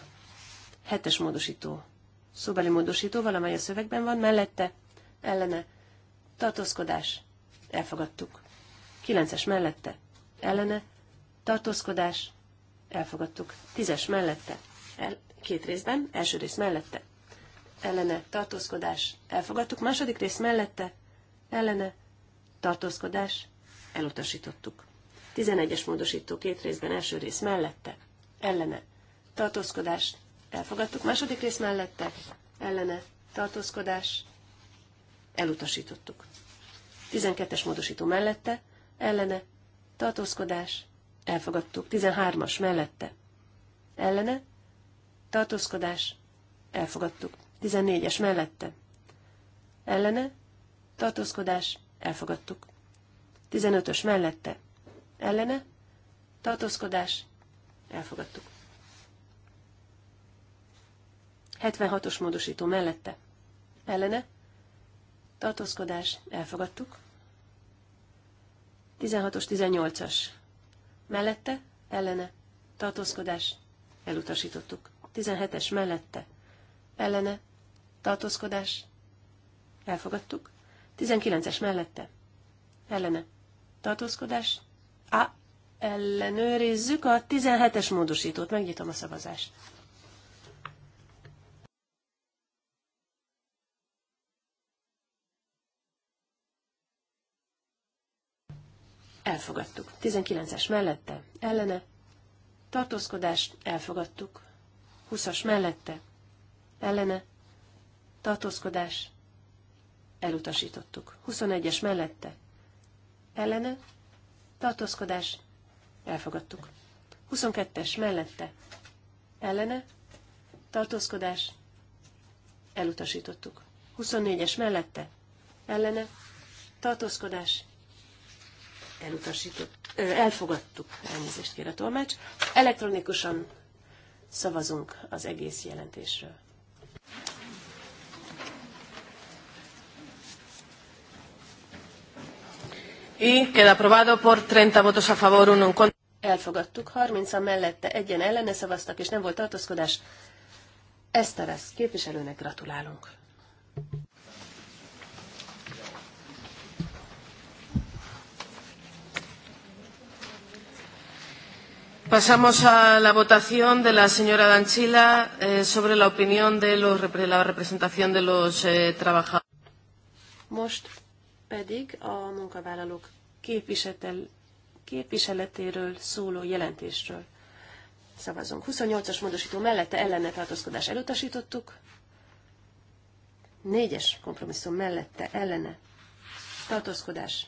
Hetes módosító szóbeli módosítóval, amely a szövegben van, mellette, ellene, tartózkodás, elfogadtuk. kilences mellette, ellene, tartózkodás, elfogadtuk. tízes mellette, el, két részben, első rész mellette, ellene, tartózkodás, elfogadtuk. Második rész mellette, ellene, tartózkodás, elutasítottuk. 11-es módosító két részben, első rész mellette, ellene, tartózkodás, Elfogadtuk. Második rész mellette ellene tartózkodás. Elutasítottuk. 12-es módosító mellette ellene tartózkodás. Elfogadtuk. 13-as mellette ellene tartózkodás. Elfogadtuk. 14-es mellette ellene tartózkodás. Elfogadtuk. 15-ös mellette ellene tartózkodás. Elfogadtuk. 76-os módosító mellette. Ellene. Tartózkodás. Elfogadtuk. 16-os, 18-as. Mellette. Ellene. Tartózkodás. Elutasítottuk. 17-es mellette. Ellene. Tartózkodás. Elfogadtuk. 19-es mellette. Ellene. Tartózkodás. A. Ellenőrizzük a 17-es módosítót. Megnyitom a szavazást. elfogadtuk. 19-es mellette, ellene, tartózkodás, elfogadtuk. 20-as mellette, ellene, tartózkodás, elutasítottuk. 21-es mellette, ellene, tartózkodás, elfogadtuk. 22-es mellette, ellene, tartózkodás, elutasítottuk. 24-es mellette, ellene, tartózkodás, elutasított, elfogadtuk, elnézést kér a tolmács. Elektronikusan szavazunk az egész jelentésről. Y queda aprobado por 30 votos a favor, uno en contra. Elfogadtuk, 30 a mellette egyen ellene szavaztak, és nem volt tartózkodás. Eszteres képviselőnek gratulálunk. Pasamos a la votación de la señora Danchila eh, sobre la opinión de los, la representación de los eh, trabajadores. Most pedig a munkavállalók képviseletéről szóló jelentésről szavazunk. 28-as módosító mellette ellene tartózkodás elutasítottuk. 4-es kompromisszum mellette ellene tartózkodás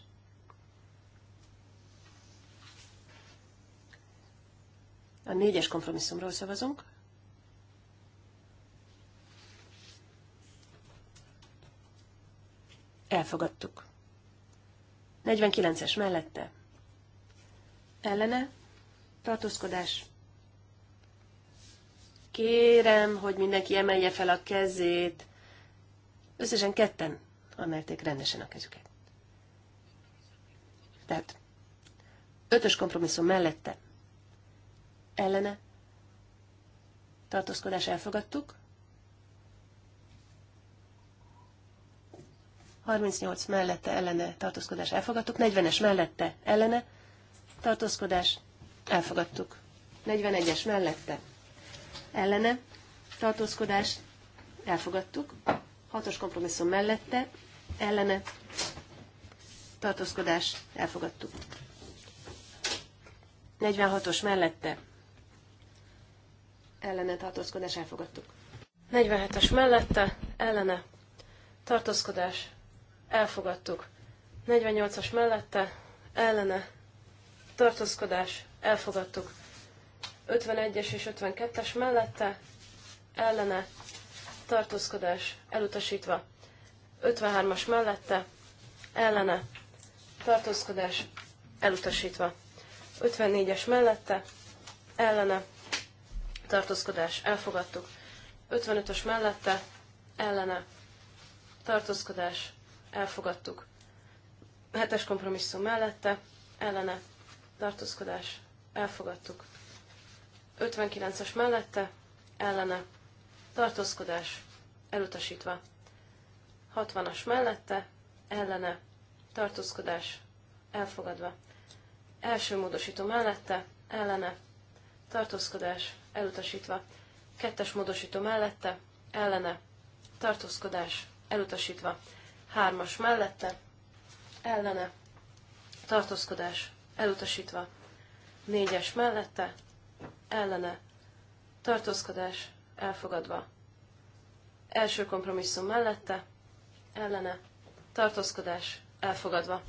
A négyes kompromisszumról szavazunk. Elfogadtuk. 49-es mellette. Ellene. Tartózkodás. Kérem, hogy mindenki emelje fel a kezét. Összesen ketten emelték rendesen a kezüket. Tehát ötös kompromisszum mellette ellene tartózkodás elfogadtuk. 38 mellette ellene tartózkodás elfogadtuk, 40-es mellette ellene tartózkodás elfogadtuk. 41-es mellette ellene tartózkodás elfogadtuk, 6-os kompromisszum mellette ellene tartózkodás elfogadtuk. 46-os mellette ellene tartózkodás elfogadtuk. 47-es mellette, ellene tartózkodás elfogadtuk. 48-as mellette, ellene tartózkodás elfogadtuk. 51-es és 52-es mellette, ellene tartózkodás elutasítva. 53-as mellette, ellene tartózkodás elutasítva. 54-es mellette, ellene tartózkodás elfogadtuk. 55-ös mellette ellene tartózkodás elfogadtuk. 7-es kompromisszum mellette ellene tartózkodás elfogadtuk. 59-es mellette ellene tartózkodás elutasítva. 60-as mellette ellene tartózkodás elfogadva. Első módosító mellette ellene tartózkodás elutasítva. Kettes módosító mellette, ellene, tartózkodás, elutasítva. Hármas mellette, ellene, tartózkodás, elutasítva. Négyes mellette, ellene, tartózkodás, elfogadva. Első kompromisszum mellette, ellene, tartózkodás, elfogadva.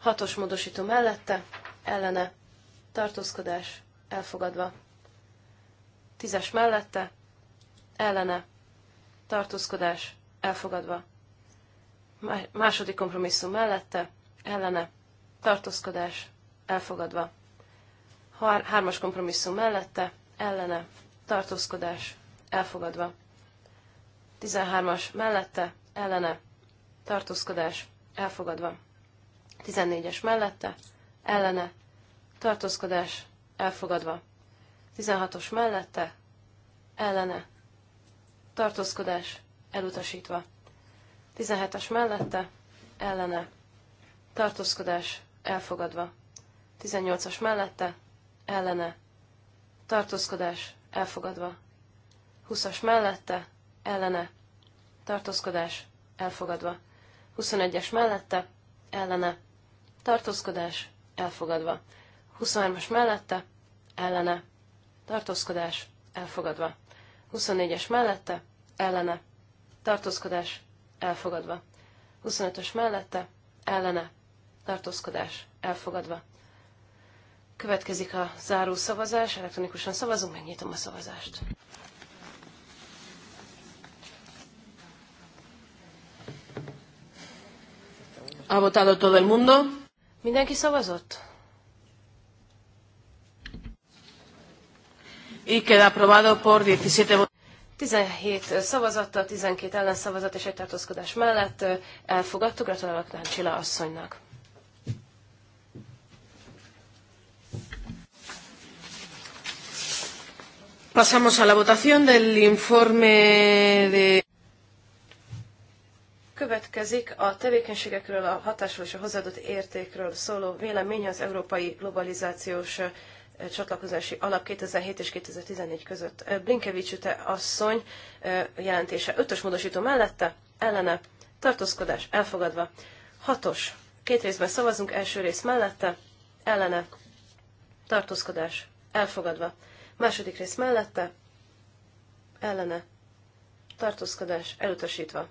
Hatos módosító mellette, ellene, tartózkodás, elfogadva. Tízes mellette, ellene, tartózkodás, elfogadva. Második kompromisszum mellette, ellene, tartózkodás, elfogadva. Har- hármas kompromisszum mellette, ellene, tartózkodás, elfogadva. Tizenhármas mellette, ellene, tartózkodás, elfogadva. Tizennégyes mellette, ellene, tartózkodás, elfogadva. 16-os mellette, ellene, tartózkodás, elutasítva. 17-es mellette, ellene, tartózkodás, elfogadva. 18-as mellette, ellene, tartózkodás, elfogadva. 20-as mellette, ellene, tartózkodás, elfogadva. 21-es mellette, ellene, tartózkodás, elfogadva. 23-as mellette, ellene, tartózkodás, elfogadva. 24-es mellette, ellene, tartózkodás, elfogadva. 25-ös mellette, ellene, tartózkodás, elfogadva. Következik a záró szavazás, elektronikusan szavazunk, megnyitom a szavazást. Ha votado todo el mundo? Mindenki szavazott? Így kell aprobado por 17 votos. 17 szavazattal, 12 ellenszavazat és egy tartózkodás mellett elfogadtuk. Gratulálok Láncsila asszonynak. Pasamos a la votación del informe de... Következik a tevékenységekről, a hatásról és a hozzáadott értékről szóló vélemény az európai globalizációs csatlakozási alap 2007 és 2014 között. Blinkevicsüte asszony jelentése ötös módosító mellette, ellene, tartózkodás elfogadva. Hatos. Két részben szavazunk, első rész mellette, ellene, tartózkodás elfogadva. Második rész mellette, ellene, tartózkodás elutasítva.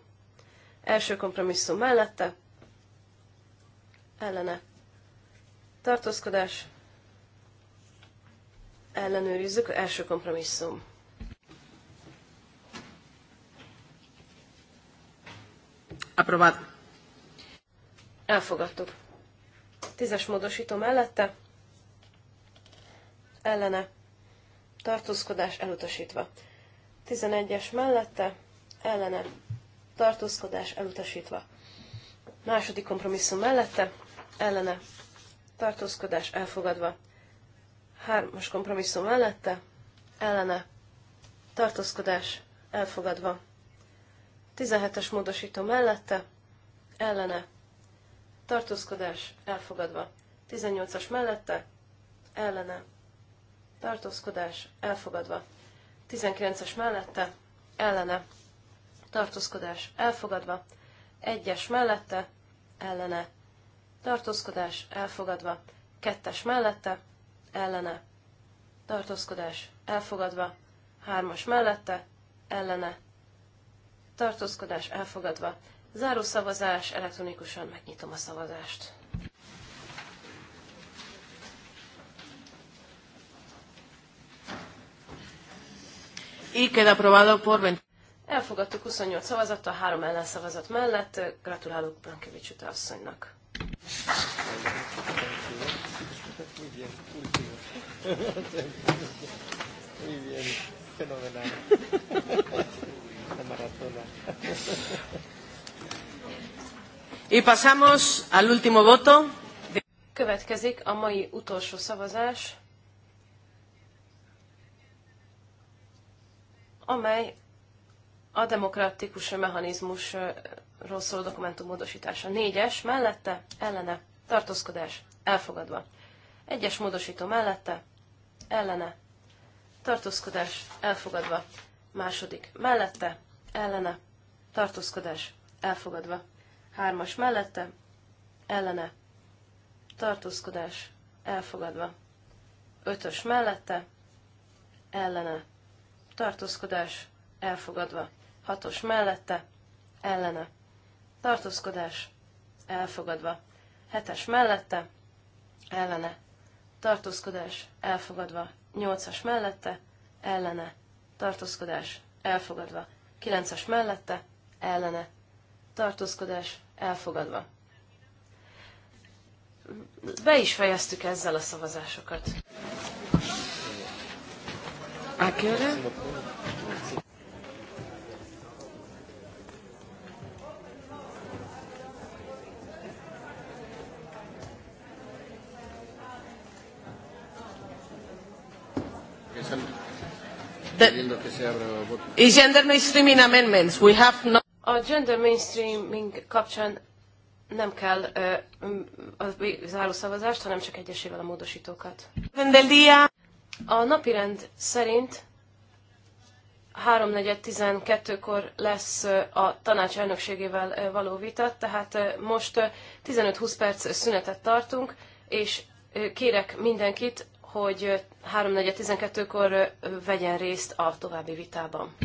Első kompromisszum mellette, ellene, tartózkodás ellenőrizzük, első kompromisszum. Aprobado. Elfogadtuk. Tízes módosító mellette, ellene, tartózkodás elutasítva. Tizenegyes mellette, ellene, tartózkodás elutasítva. Második kompromisszum mellette, ellene, tartózkodás elfogadva. Hármas kompromisszum mellette, ellene, tartózkodás, elfogadva. 17-es módosító mellette, ellene, tartózkodás, elfogadva. 18-as mellette, ellene, tartózkodás, elfogadva. 19-es mellette, ellene, tartózkodás, elfogadva. 1-es mellette, ellene, tartózkodás, elfogadva. 2-es mellette, ellene, tartózkodás elfogadva, hármas mellette, ellene, tartózkodás elfogadva. Záró szavazás, elektronikusan megnyitom a szavazást. Y queda aprobado por 20. Elfogadtuk 28 szavazattal, három szavazat mellett. Gratulálok Brankevics asszonynak. Muy bien, Muy bien, fenomenal. La maratona. Y pasamos al último voto. Következik a mai utolsó szavazás, amely a demokratikus mechanizmusról szóló dokumentum módosítása. Négyes, mellette, ellene, tartózkodás, elfogadva. Egyes módosító mellette, ellene, tartózkodás, elfogadva. Második mellette, ellene, tartózkodás, elfogadva. Hármas mellette, ellene, tartózkodás, elfogadva. Ötös mellette, ellene, tartózkodás, elfogadva. Hatos mellette, ellene, tartózkodás, elfogadva. Hetes mellette, ellene, tartózkodás, elfogadva. 8-as mellette, ellene, tartózkodás, elfogadva. 9-as mellette, ellene, tartózkodás, elfogadva. Be is fejeztük ezzel a szavazásokat. A qué The, is gender mainstreaming amendments. We have no... A gender mainstreaming kapcsán nem kell uh, záró szavazást, hanem csak egyesével a módosítókat. A napirend szerint 3.4.12-kor lesz a tanács elnökségével való vita, tehát most 15-20 perc szünetet tartunk, és kérek mindenkit, hogy 3.4.12-kor vegyen részt a további vitában.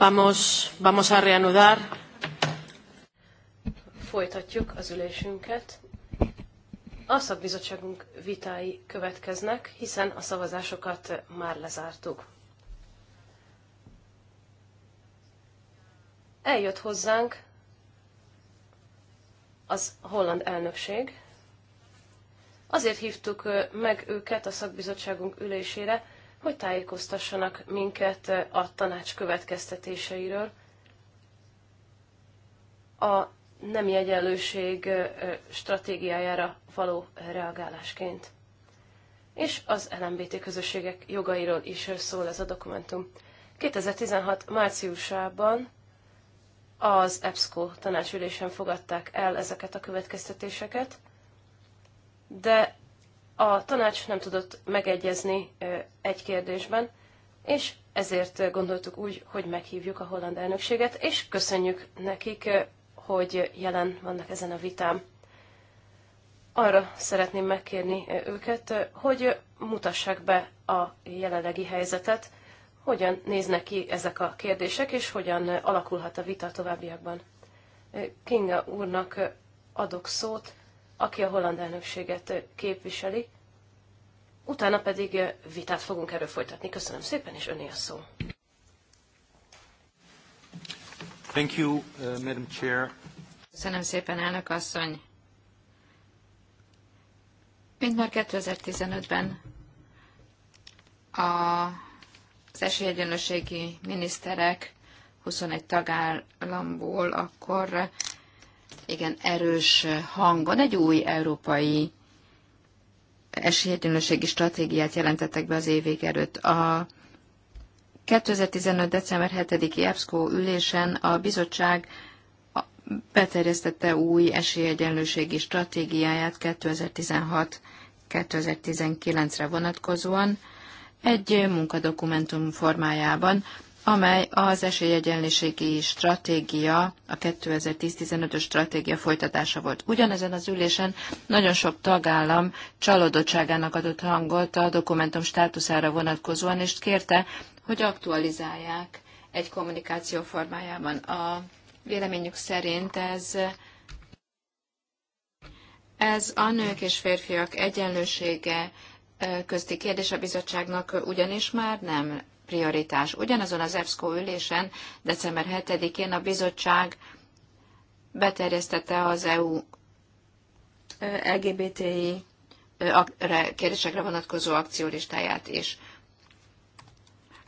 Vamos, vamos a reanudar. Folytatjuk az ülésünket. A szakbizottságunk vitái következnek, hiszen a szavazásokat már lezártuk. Eljött hozzánk az holland elnökség. Azért hívtuk meg őket a szakbizottságunk ülésére, hogy tájékoztassanak minket eh, a tanács következtetéseiről. A nem egyenlőség eh, eh, stratégiájára való reagálásként. És az LMBT közösségek jogairól is szól ez a dokumentum. 2016. márciusában az EBSCO tanácsülésen fogadták el ezeket a következtetéseket, de a tanács nem tudott megegyezni egy kérdésben, és ezért gondoltuk úgy, hogy meghívjuk a holland elnökséget, és köszönjük nekik, hogy jelen vannak ezen a vitám. Arra szeretném megkérni őket, hogy mutassák be a jelenlegi helyzetet, hogyan néznek ki ezek a kérdések, és hogyan alakulhat a vita továbbiakban. Kinga úrnak adok szót, aki a holland elnökséget képviseli. Utána pedig vitát fogunk erről folytatni. Köszönöm szépen, és öné a szó. Thank you, uh, Madam Chair. Köszönöm szépen, elnök asszony. Mint már 2015-ben a, az esélyegyenlőségi miniszterek 21 tagállamból akkor igen erős hangon egy új európai esélyegyenlőségi stratégiát jelentettek be az évig előtt. A 2015. december 7-i EBSCO ülésen a bizottság beterjesztette új esélyegyenlőségi stratégiáját 2016-2019-re vonatkozóan egy munkadokumentum formájában, amely az esélyegyenlőségi stratégia, a 2010-15-ös stratégia folytatása volt. Ugyanezen az ülésen nagyon sok tagállam csalódottságának adott hangot a dokumentum státuszára vonatkozóan, és kérte, hogy aktualizálják egy kommunikáció formájában. A véleményük szerint ez ez a nők és férfiak egyenlősége közti kérdés a bizottságnak ugyanis már nem prioritás. Ugyanazon az EBSCO ülésen december 7-én a bizottság beterjesztette az EU LGBTI kérdésekre vonatkozó akciólistáját is.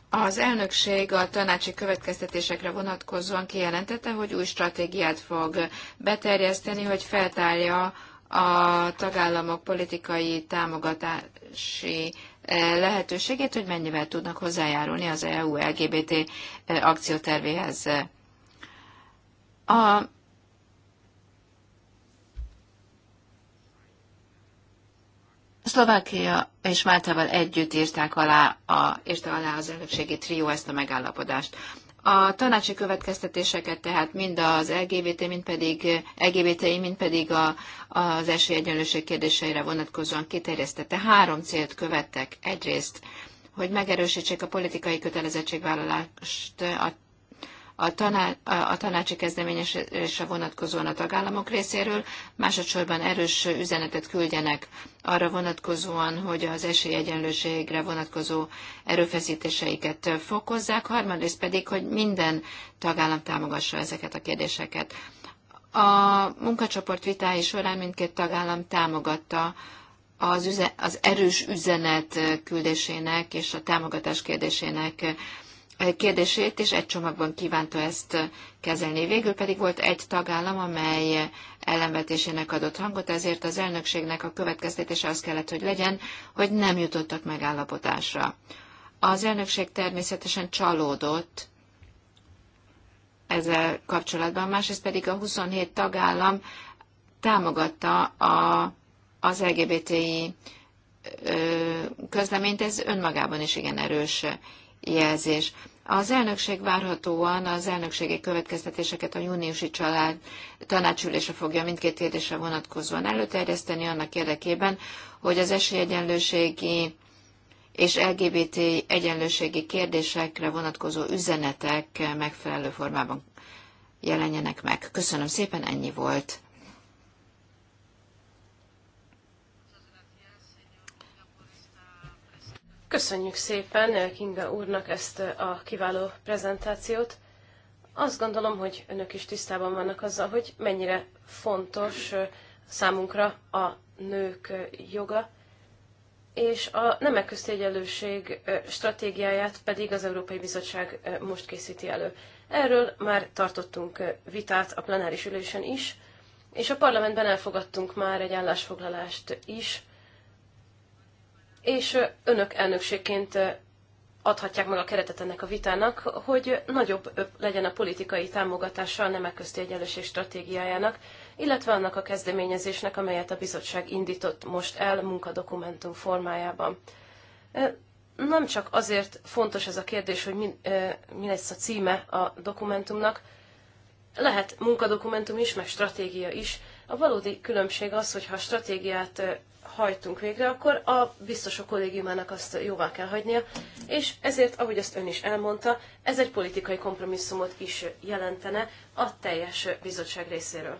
Az elnökség a tanácsi következtetésekre vonatkozóan kijelentette, hogy új stratégiát fog beterjeszteni, hogy feltárja a tagállamok politikai támogatási E, lehetőségét, hogy mennyivel tudnak hozzájárulni az EU LGBT e, akciótervéhez. A Szlovákia és Máltával együtt írták alá, a, írta alá az elnökségi trió ezt a megállapodást. A tanácsi következtetéseket tehát mind az LGBT, mind pedig, lgbt mind pedig a, az esélyegyenlőség kérdéseire vonatkozóan kiterjesztette. Három célt követtek. Egyrészt, hogy megerősítsék a politikai kötelezettségvállalást a a, tanács, a tanácsi kezdeményezésre vonatkozóan a tagállamok részéről, másodszorban erős üzenetet küldjenek arra vonatkozóan, hogy az esélyegyenlőségre vonatkozó erőfeszítéseiket fokozzák, harmadrészt pedig, hogy minden tagállam támogassa ezeket a kérdéseket. A munkacsoport vitái során mindkét tagállam támogatta az, üze, az erős üzenet küldésének és a támogatás kérdésének kérdését, és egy csomagban kívánta ezt kezelni. Végül pedig volt egy tagállam, amely ellenvetésének adott hangot, ezért az elnökségnek a következtetése az kellett, hogy legyen, hogy nem jutottak megállapodásra. Az elnökség természetesen csalódott ezzel kapcsolatban, másrészt pedig a 27 tagállam támogatta a, az LGBTI közleményt, ez önmagában is igen erős jelzés. Az elnökség várhatóan az elnökségi következtetéseket a júniusi család tanácsülése fogja mindkét kérdésre vonatkozóan előterjeszteni annak érdekében, hogy az esélyegyenlőségi és LGBT egyenlőségi kérdésekre vonatkozó üzenetek megfelelő formában jelenjenek meg. Köszönöm szépen, ennyi volt. Köszönjük szépen Kinga úrnak ezt a kiváló prezentációt. Azt gondolom, hogy önök is tisztában vannak azzal, hogy mennyire fontos számunkra a nők joga, és a nemek közti egyenlőség stratégiáját pedig az Európai Bizottság most készíti elő. Erről már tartottunk vitát a plenáris ülésen is, és a parlamentben elfogadtunk már egy állásfoglalást is, és önök elnökségként adhatják meg a keretet ennek a vitának, hogy nagyobb legyen a politikai támogatása a nemek közti egyenlőség stratégiájának, illetve annak a kezdeményezésnek, amelyet a bizottság indított most el munkadokumentum formájában. Nem csak azért fontos ez a kérdés, hogy mi, mi lesz a címe a dokumentumnak, lehet munkadokumentum is, meg stratégia is, a valódi különbség az, hogy ha a stratégiát hajtunk végre, akkor a biztos a kollégiumának azt jóvá kell hagynia, és ezért, ahogy azt ön is elmondta, ez egy politikai kompromisszumot is jelentene a teljes bizottság részéről.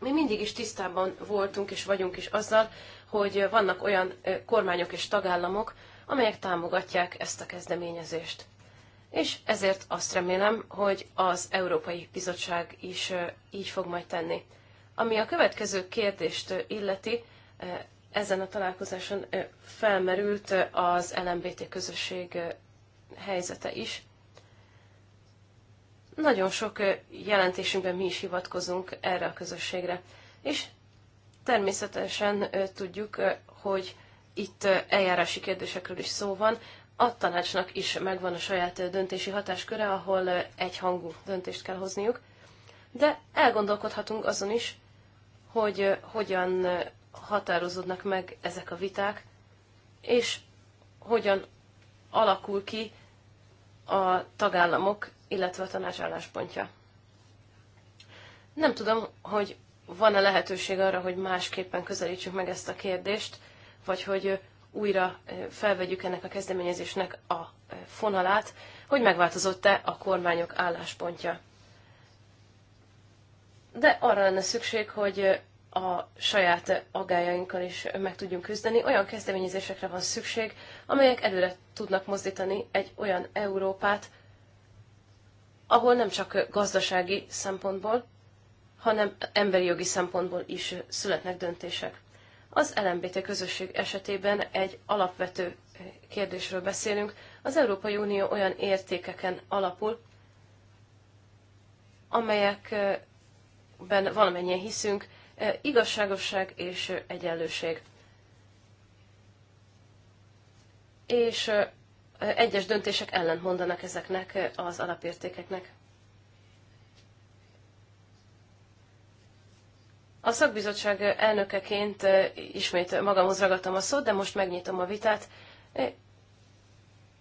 Mi mindig is tisztában voltunk és vagyunk is azzal, hogy vannak olyan kormányok és tagállamok, amelyek támogatják ezt a kezdeményezést. És ezért azt remélem, hogy az Európai Bizottság is így fog majd tenni. Ami a következő kérdést illeti, ezen a találkozáson felmerült az LMBT közösség helyzete is. Nagyon sok jelentésünkben mi is hivatkozunk erre a közösségre, és természetesen tudjuk, hogy itt eljárási kérdésekről is szó van. A tanácsnak is megvan a saját döntési hatásköre, ahol egyhangú döntést kell hozniuk, de elgondolkodhatunk azon is, hogy hogyan határozódnak meg ezek a viták, és hogyan alakul ki a tagállamok, illetve a tanács álláspontja. Nem tudom, hogy van-e lehetőség arra, hogy másképpen közelítsük meg ezt a kérdést, vagy hogy újra felvegyük ennek a kezdeményezésnek a fonalát, hogy megváltozott-e a kormányok álláspontja. De arra lenne szükség, hogy a saját agájainkkal is meg tudjunk küzdeni. Olyan kezdeményezésekre van szükség, amelyek előre tudnak mozdítani egy olyan Európát, ahol nem csak gazdasági szempontból, hanem emberi jogi szempontból is születnek döntések. Az LMBT közösség esetében egy alapvető kérdésről beszélünk. Az Európai Unió olyan értékeken alapul, amelyekben valamennyien hiszünk, igazságosság és egyenlőség. És egyes döntések ellent mondanak ezeknek az alapértékeknek. A szakbizottság elnökeként ismét magamhoz ragadtam a szót, de most megnyitom a vitát.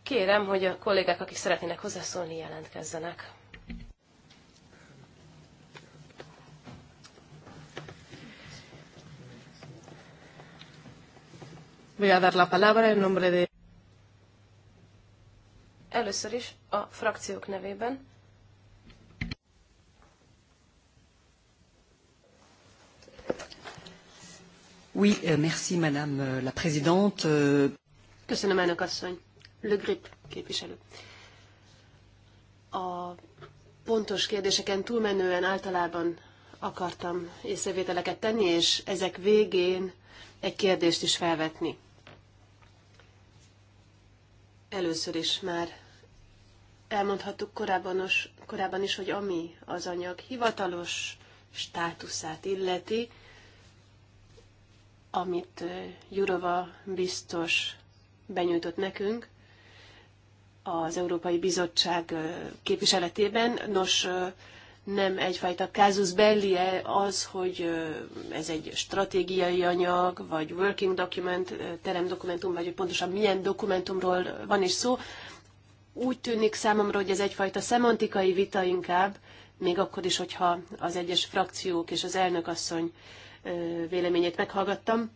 Kérem, hogy a kollégák, akik szeretnének hozzászólni, jelentkezzenek. Voy a dar la palabra en nombre de... Először is a frakciók nevében. Oui, euh, merci madame euh, la présidente. Euh. Köszönöm, elnök asszony. Le Grip képviselő. A pontos kérdéseken túlmenően általában akartam észrevételeket tenni, és ezek végén egy kérdést is felvetni. Először is már elmondhattuk korábbanos, korábban is, hogy ami az anyag hivatalos státuszát illeti, amit Jurova biztos benyújtott nekünk az Európai Bizottság képviseletében. Nos, nem egyfajta kázus belli -e az, hogy ez egy stratégiai anyag, vagy working document, teremdokumentum, vagy hogy pontosan milyen dokumentumról van is szó. Úgy tűnik számomra, hogy ez egyfajta szemantikai vita inkább, még akkor is, hogyha az egyes frakciók és az elnökasszony véleményét meghallgattam.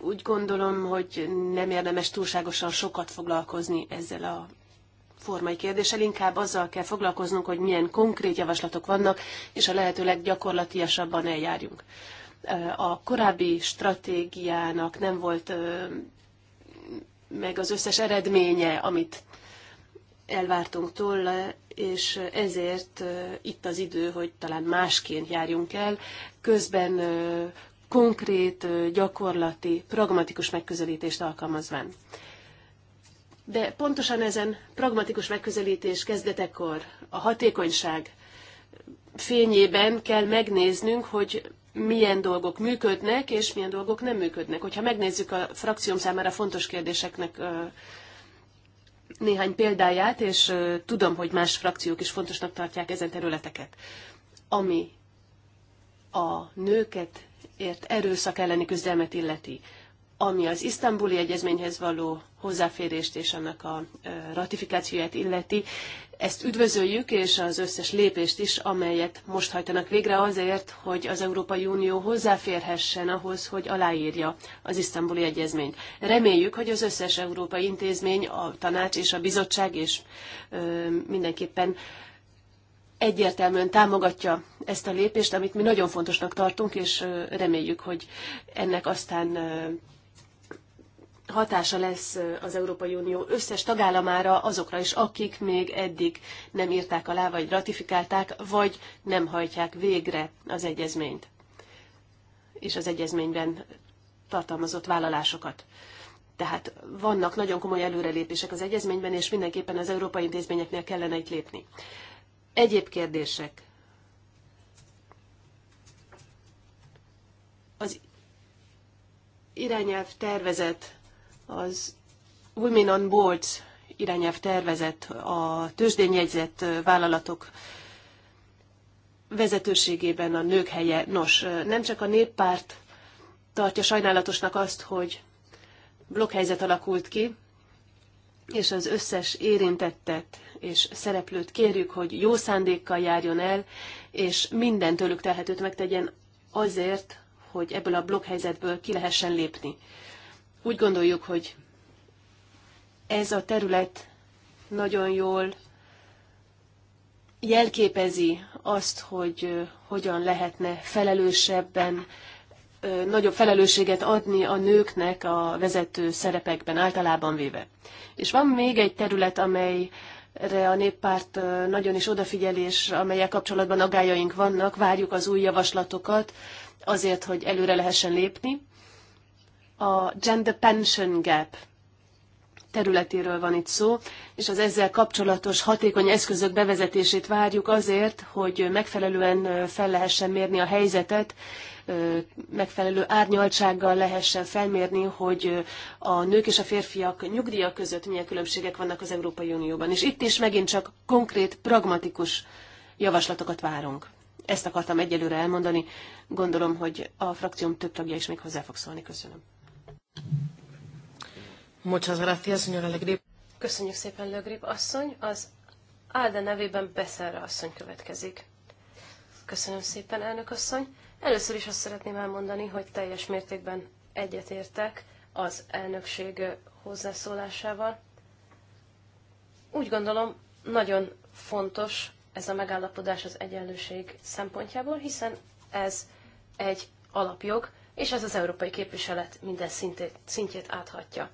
Úgy gondolom, hogy nem érdemes túlságosan sokat foglalkozni ezzel a formai kérdéssel, inkább azzal kell foglalkoznunk, hogy milyen konkrét javaslatok vannak, és a lehető leggyakorlatiasabban eljárjunk. A korábbi stratégiának nem volt meg az összes eredménye, amit elvártunk tőle, és ezért itt az idő, hogy talán másként járjunk el. Közben konkrét, gyakorlati, pragmatikus megközelítést alkalmazván de pontosan ezen pragmatikus megközelítés kezdetekor a hatékonyság fényében kell megnéznünk, hogy milyen dolgok működnek, és milyen dolgok nem működnek. Hogyha megnézzük a frakcióm számára fontos kérdéseknek néhány példáját, és tudom, hogy más frakciók is fontosnak tartják ezen területeket, ami a nőket ért erőszak elleni küzdelmet illeti ami az isztambuli egyezményhez való hozzáférést és annak a ratifikációját illeti. Ezt üdvözöljük, és az összes lépést is, amelyet most hajtanak végre azért, hogy az Európai Unió hozzáférhessen ahhoz, hogy aláírja az isztambuli egyezményt. Reméljük, hogy az összes európai intézmény, a tanács és a bizottság, és ö, mindenképpen egyértelműen támogatja ezt a lépést, amit mi nagyon fontosnak tartunk, és reméljük, hogy ennek aztán hatása lesz az Európai Unió összes tagállamára, azokra is, akik még eddig nem írták alá, vagy ratifikálták, vagy nem hajtják végre az egyezményt, és az egyezményben tartalmazott vállalásokat. Tehát vannak nagyon komoly előrelépések az egyezményben, és mindenképpen az európai intézményeknél kellene itt lépni. Egyéb kérdések. Az irányelv tervezet az Women on Boards irányelv tervezett a tőzsdén jegyzett vállalatok vezetőségében a nők helye. Nos, nem csak a néppárt tartja sajnálatosnak azt, hogy blokkhelyzet alakult ki, és az összes érintettet és szereplőt kérjük, hogy jó szándékkal járjon el, és minden tőlük telhetőt megtegyen azért, hogy ebből a blokkhelyzetből ki lehessen lépni. Úgy gondoljuk, hogy ez a terület nagyon jól jelképezi azt, hogy hogyan lehetne felelősebben, nagyobb felelősséget adni a nőknek a vezető szerepekben általában véve. És van még egy terület, amelyre a néppárt nagyon is odafigyelés, amelyek kapcsolatban agájaink vannak, várjuk az új javaslatokat azért, hogy előre lehessen lépni a gender pension gap területéről van itt szó, és az ezzel kapcsolatos hatékony eszközök bevezetését várjuk azért, hogy megfelelően fel lehessen mérni a helyzetet, megfelelő árnyaltsággal lehessen felmérni, hogy a nők és a férfiak nyugdíja között milyen különbségek vannak az Európai Unióban. És itt is megint csak konkrét, pragmatikus javaslatokat várunk. Ezt akartam egyelőre elmondani. Gondolom, hogy a frakcióm több tagja is még hozzá fog szólni. Köszönöm. Muchas gracias, señora Legrip. Köszönjük szépen, Legrip asszony. Az Álda nevében Beszerre asszony következik. Köszönöm szépen, elnök asszony. Először is azt szeretném elmondani, hogy teljes mértékben egyetértek az elnökség hozzászólásával. Úgy gondolom, nagyon fontos ez a megállapodás az egyenlőség szempontjából, hiszen ez egy alapjog, és ez az európai képviselet minden szintjét áthatja.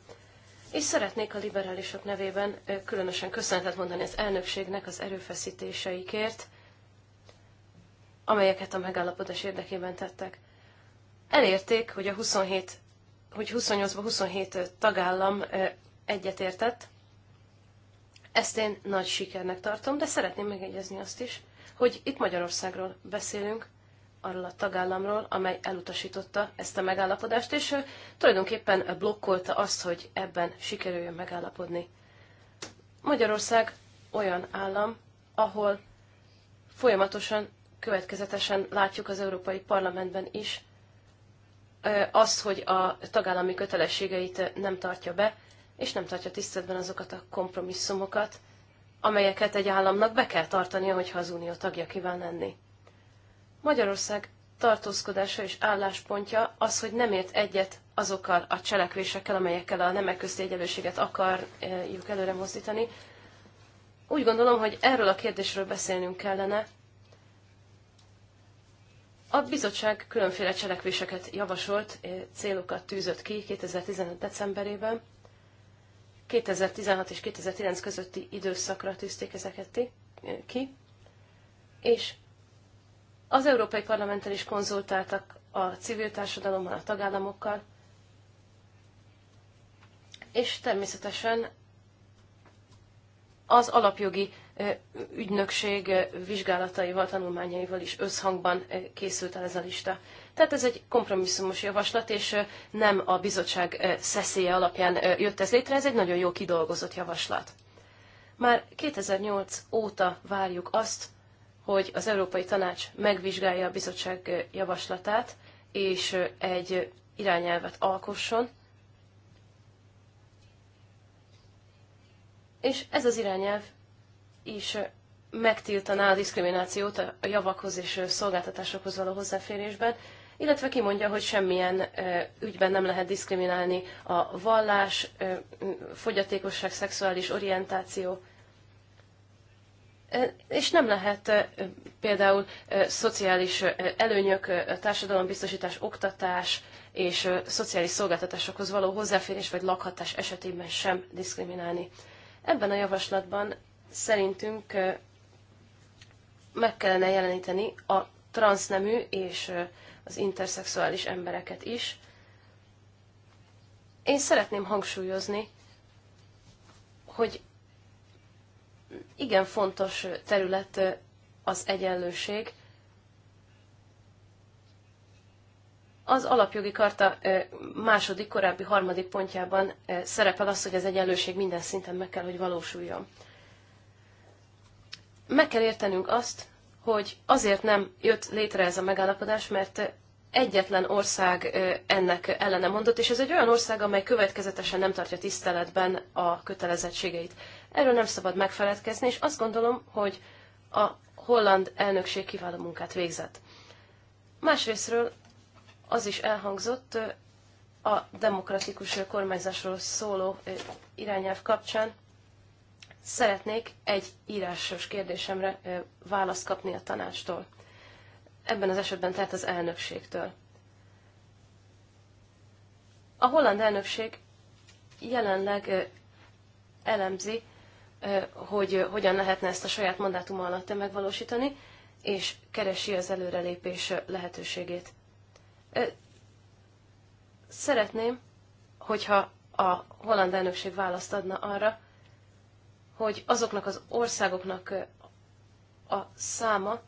És szeretnék a liberálisok nevében különösen köszönetet mondani az elnökségnek az erőfeszítéseikért, amelyeket a megállapodás érdekében tettek. Elérték, hogy a 27, hogy 28-ban 27 tagállam egyetértett. Ezt én nagy sikernek tartom, de szeretném megegyezni azt is, hogy itt Magyarországról beszélünk, arról a tagállamról, amely elutasította ezt a megállapodást, és tulajdonképpen blokkolta azt, hogy ebben sikerüljön megállapodni. Magyarország olyan állam, ahol folyamatosan, következetesen látjuk az Európai Parlamentben is azt, hogy a tagállami kötelességeit nem tartja be, és nem tartja tiszteletben azokat a kompromisszumokat, amelyeket egy államnak be kell tartania, hogyha az unió tagja kíván lenni. Magyarország tartózkodása és álláspontja az, hogy nem ért egyet azokkal a cselekvésekkel, amelyekkel a nemek közti egyenlőséget akarjuk előre mozdítani. Úgy gondolom, hogy erről a kérdésről beszélnünk kellene. A bizottság különféle cselekvéseket javasolt, eh, célokat tűzött ki 2015. decemberében. 2016 és 2019 közötti időszakra tűzték ezeket eh, ki, és az Európai Parlamenten is konzultáltak a civil társadalommal, a tagállamokkal, és természetesen az alapjogi ügynökség vizsgálataival, tanulmányaival is összhangban készült el ez a lista. Tehát ez egy kompromisszumos javaslat, és nem a bizottság szeszélye alapján jött ez létre, ez egy nagyon jó kidolgozott javaslat. Már 2008 óta várjuk azt, hogy az Európai Tanács megvizsgálja a bizottság javaslatát, és egy irányelvet alkosson. És ez az irányelv is megtiltaná a diszkriminációt a javakhoz és szolgáltatásokhoz való hozzáférésben, illetve kimondja, hogy semmilyen ügyben nem lehet diszkriminálni a vallás, fogyatékosság, szexuális orientáció, és nem lehet például szociális előnyök, társadalombiztosítás, oktatás és szociális szolgáltatásokhoz való hozzáférés vagy lakhatás esetében sem diszkriminálni. Ebben a javaslatban szerintünk meg kellene jeleníteni a transznemű és az interszexuális embereket is. Én szeretném hangsúlyozni, hogy igen fontos terület az egyenlőség. Az alapjogi karta második, korábbi harmadik pontjában szerepel az, hogy az egyenlőség minden szinten meg kell, hogy valósuljon. Meg kell értenünk azt, hogy azért nem jött létre ez a megállapodás, mert egyetlen ország ennek ellene mondott, és ez egy olyan ország, amely következetesen nem tartja tiszteletben a kötelezettségeit. Erről nem szabad megfeledkezni, és azt gondolom, hogy a holland elnökség kiváló munkát végzett. Másrésztről az is elhangzott a demokratikus kormányzásról szóló irányelv kapcsán, szeretnék egy írásos kérdésemre választ kapni a tanácstól. Ebben az esetben tehát az elnökségtől. A holland elnökség jelenleg elemzi hogy hogyan lehetne ezt a saját mandátum alatt megvalósítani, és keresi az előrelépés lehetőségét. Szeretném, hogyha a holland elnökség választ adna arra, hogy azoknak az országoknak a száma,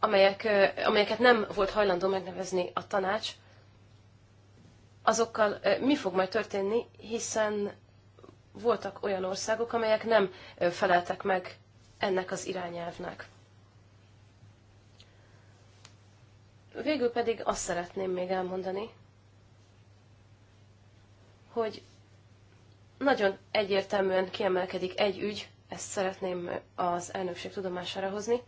amelyek, amelyeket nem volt hajlandó megnevezni a tanács, azokkal mi fog majd történni, hiszen voltak olyan országok, amelyek nem feleltek meg ennek az irányelvnek. Végül pedig azt szeretném még elmondani, hogy nagyon egyértelműen kiemelkedik egy ügy, ezt szeretném az elnökség tudomására hozni,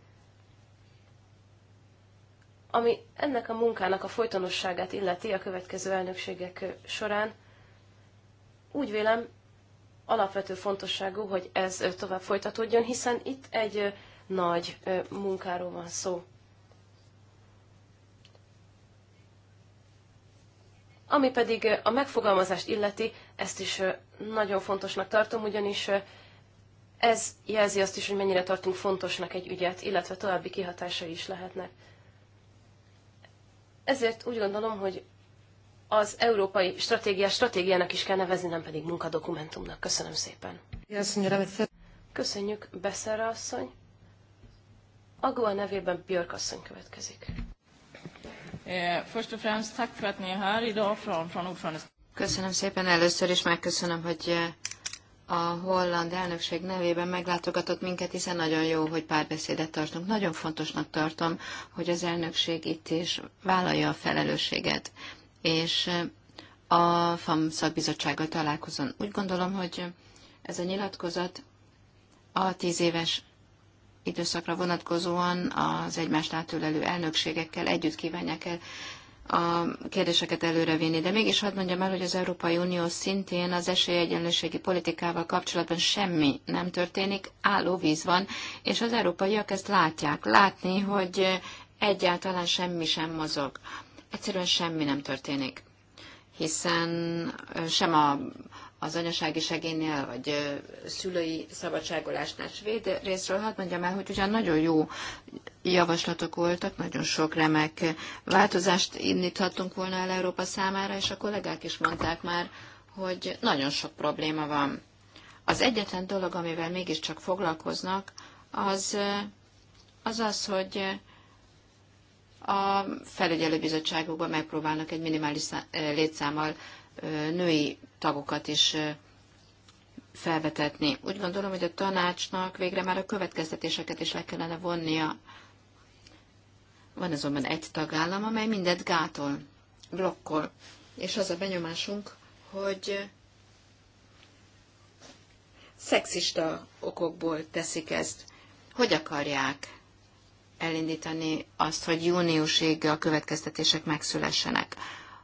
ami ennek a munkának a folytonosságát illeti a következő elnökségek során, úgy vélem, alapvető fontosságú, hogy ez tovább folytatódjon, hiszen itt egy nagy munkáról van szó. Ami pedig a megfogalmazást illeti, ezt is nagyon fontosnak tartom, ugyanis ez jelzi azt is, hogy mennyire tartunk fontosnak egy ügyet, illetve további kihatásai is lehetnek. Ezért úgy gondolom, hogy az európai stratégia stratégiának is kell nevezni, nem pedig munkadokumentumnak. Köszönöm szépen. Köszönjük, Beszerra asszony. Agua nevében Björk asszony következik. Eh, er Köszönöm szépen először is, megköszönöm, hogy eh, a holland elnökség nevében meglátogatott minket, hiszen nagyon jó, hogy párbeszédet tartunk. Nagyon fontosnak tartom, hogy az elnökség itt is vállalja a felelősséget és a FAM szakbizottsággal találkozom. Úgy gondolom, hogy ez a nyilatkozat a tíz éves időszakra vonatkozóan az egymást átölelő elnökségekkel együtt kívánják el a kérdéseket előrevinni. De mégis hadd mondjam el, hogy az Európai Unió szintén az esélyegyenlőségi politikával kapcsolatban semmi nem történik, álló víz van, és az európaiak ezt látják. Látni, hogy egyáltalán semmi sem mozog egyszerűen semmi nem történik. Hiszen sem a, az anyasági segénynél, vagy szülői szabadságolásnál svéd részről, hadd mondjam el, hogy ugyan nagyon jó javaslatok voltak, nagyon sok remek változást indíthattunk volna el Európa számára, és a kollégák is mondták már, hogy nagyon sok probléma van. Az egyetlen dolog, amivel mégiscsak foglalkoznak, az az, az hogy a felügyelőbizottságokban megpróbálnak egy minimális létszámmal női tagokat is felvetetni. Úgy gondolom, hogy a tanácsnak végre már a következtetéseket is le kellene vonnia. Van azonban egy tagállam, amely mindent gátol, blokkol. És az a benyomásunk, hogy szexista okokból teszik ezt. Hogy akarják elindítani azt, hogy júniusig a következtetések megszülessenek.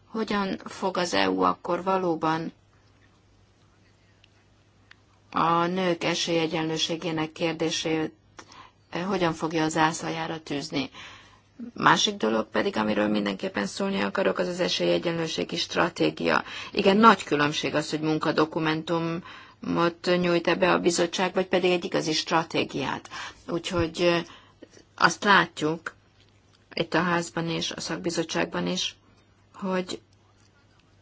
Hogyan fog az EU akkor valóban a nők esélyegyenlőségének kérdését eh, hogyan fogja az ászlajára tűzni? Másik dolog pedig, amiről mindenképpen szólni akarok, az az esélyegyenlőségi stratégia. Igen, nagy különbség az, hogy munkadokumentum nyújt ebbe a bizottság, vagy pedig egy igazi stratégiát. Úgyhogy eh, azt látjuk, itt a házban és a szakbizottságban is, hogy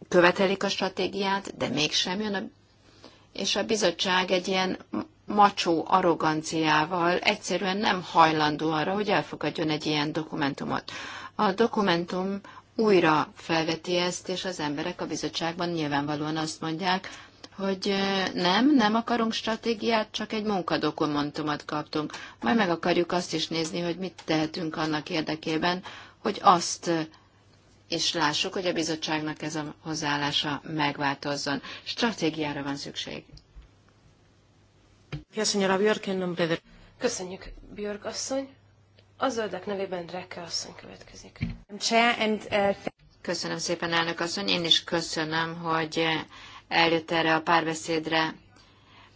követelik a stratégiát, de mégsem jön a... És a bizottság egy ilyen macsó arroganciával egyszerűen nem hajlandó arra, hogy elfogadjon egy ilyen dokumentumot. A dokumentum újra felveti ezt, és az emberek a bizottságban nyilvánvalóan azt mondják, hogy nem, nem akarunk stratégiát, csak egy munkadokumentumot kaptunk. Majd meg akarjuk azt is nézni, hogy mit tehetünk annak érdekében, hogy azt és lássuk, hogy a bizottságnak ez a hozzáállása megváltozzon. Stratégiára van szükség. Köszönjük, Björk asszony. A zöldek nevében Drekke asszony következik. Uh, köszönöm szépen, elnök asszony. Én is köszönöm, hogy eljött erre a párbeszédre.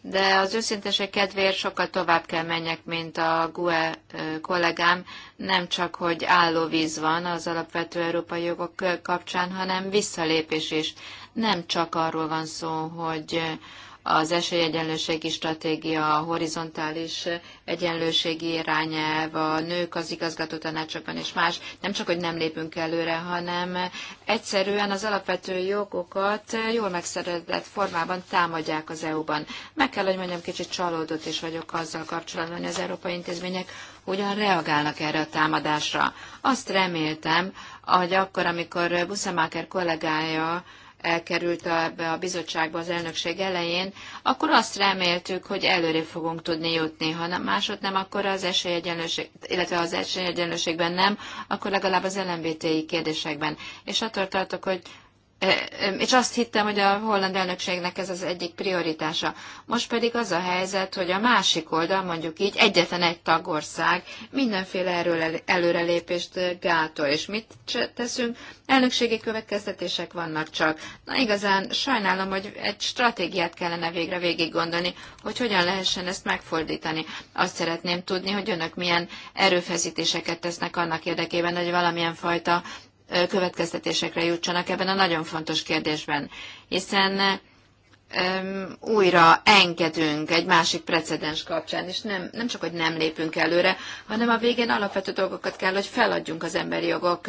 De az őszintesek kedvéért sokkal tovább kell menjek, mint a GUE kollégám, nem csak, hogy állóvíz van az alapvető európai jogok kapcsán, hanem visszalépés is. Nem csak arról van szó, hogy az esélyegyenlőségi stratégia, a horizontális egyenlőségi irányelv, a nők az igazgató tanácsokban és más, nem csak, hogy nem lépünk előre, hanem egyszerűen az alapvető jogokat jól megszerzett formában támadják az EU-ban. Meg kell, hogy mondjam, kicsit csalódott is vagyok azzal kapcsolatban, hogy az európai intézmények hogyan reagálnak erre a támadásra. Azt reméltem, hogy akkor, amikor Buszemáker kollégája került ebbe a bizottságba az elnökség elején, akkor azt reméltük, hogy előre fogunk tudni jutni. Ha nem, másod nem, akkor az esélyegyenlőség, illetve az esélyegyenlőségben nem, akkor legalább az LMBTI kérdésekben. És attól tartok, hogy és azt hittem, hogy a holland elnökségnek ez az egyik prioritása. Most pedig az a helyzet, hogy a másik oldal, mondjuk így, egyetlen egy tagország mindenféle erről előrelépést gátol. És mit teszünk? Elnökségi következtetések vannak csak. Na igazán sajnálom, hogy egy stratégiát kellene végre végig gondolni, hogy hogyan lehessen ezt megfordítani. Azt szeretném tudni, hogy önök milyen erőfeszítéseket tesznek annak érdekében, hogy valamilyen fajta következtetésekre jutsanak ebben a nagyon fontos kérdésben, hiszen újra engedünk egy másik precedens kapcsán, és nem, nem csak, hogy nem lépünk előre, hanem a végén alapvető dolgokat kell, hogy feladjunk az emberi jogok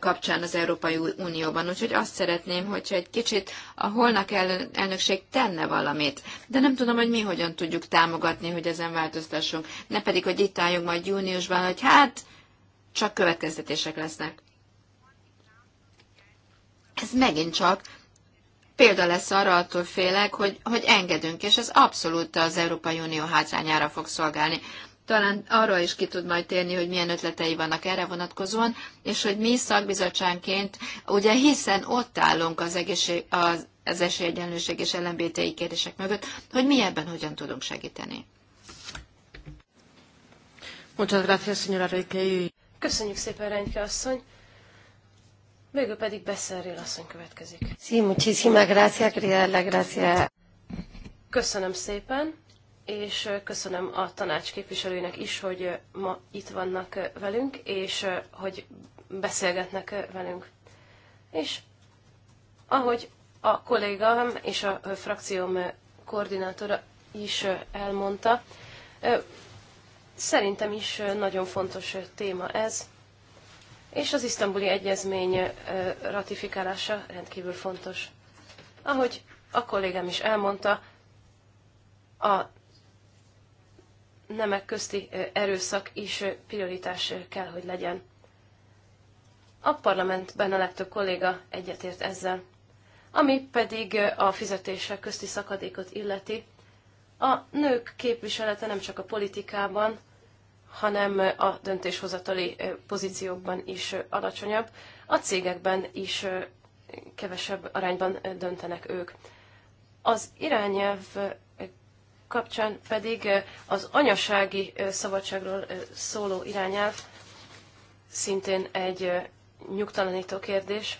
kapcsán az Európai Unióban. Úgyhogy azt szeretném, hogyha egy kicsit a holnak elnökség tenne valamit, de nem tudom, hogy mi hogyan tudjuk támogatni, hogy ezen változtassunk, ne pedig, hogy itt álljunk majd júniusban, hogy hát csak következtetések lesznek. Ez megint csak példa lesz arra, attól félek, hogy, hogy engedünk, és ez abszolút az Európai Unió hátrányára fog szolgálni. Talán arról is ki tud majd térni, hogy milyen ötletei vannak erre vonatkozóan, és hogy mi szakbizottságként, ugye hiszen ott állunk az, egészség, az, az esélyegyenlőség és LMBTI kérdések mögött, hogy mi ebben hogyan tudunk segíteni. Köszönjük szépen, Renke asszony. Végül pedig beszerrél asszony következik. Sí, muchísimas gracias, querida la gracia. Köszönöm szépen, és köszönöm a tanács képviselőinek is, hogy ma itt vannak velünk, és hogy beszélgetnek velünk. És ahogy a kollégám és a frakcióm koordinátora is elmondta, szerintem is nagyon fontos téma ez és az isztambuli egyezmény ratifikálása rendkívül fontos. Ahogy a kollégám is elmondta, a nemek közti erőszak is prioritás kell, hogy legyen. A parlamentben a legtöbb kolléga egyetért ezzel. Ami pedig a fizetések közti szakadékot illeti, a nők képviselete nem csak a politikában, hanem a döntéshozatali pozíciókban is alacsonyabb. A cégekben is kevesebb arányban döntenek ők. Az irányelv kapcsán pedig az anyasági szabadságról szóló irányelv szintén egy nyugtalanító kérdés.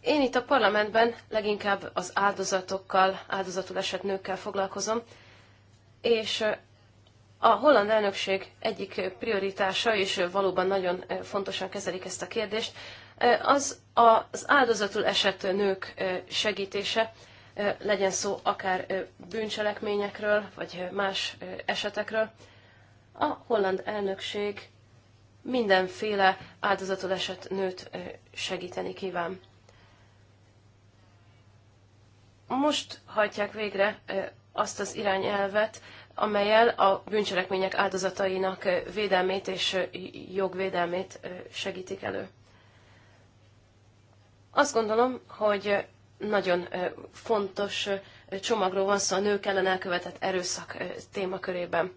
Én itt a parlamentben leginkább az áldozatokkal, áldozatul esett nőkkel foglalkozom, és a holland elnökség egyik prioritása, és valóban nagyon eh, fontosan kezelik ezt a kérdést, eh, az az áldozatul esett nők eh, segítése, legyen szó akár bűncselekményekről, vagy más esetekről. A holland elnökség mindenféle áldozatul esett nőt segíteni kíván. Most hajtják végre azt az irányelvet, amelyel a bűncselekmények áldozatainak védelmét és jogvédelmét segítik elő. Azt gondolom, hogy nagyon fontos csomagról van szó a nők ellen elkövetett erőszak témakörében.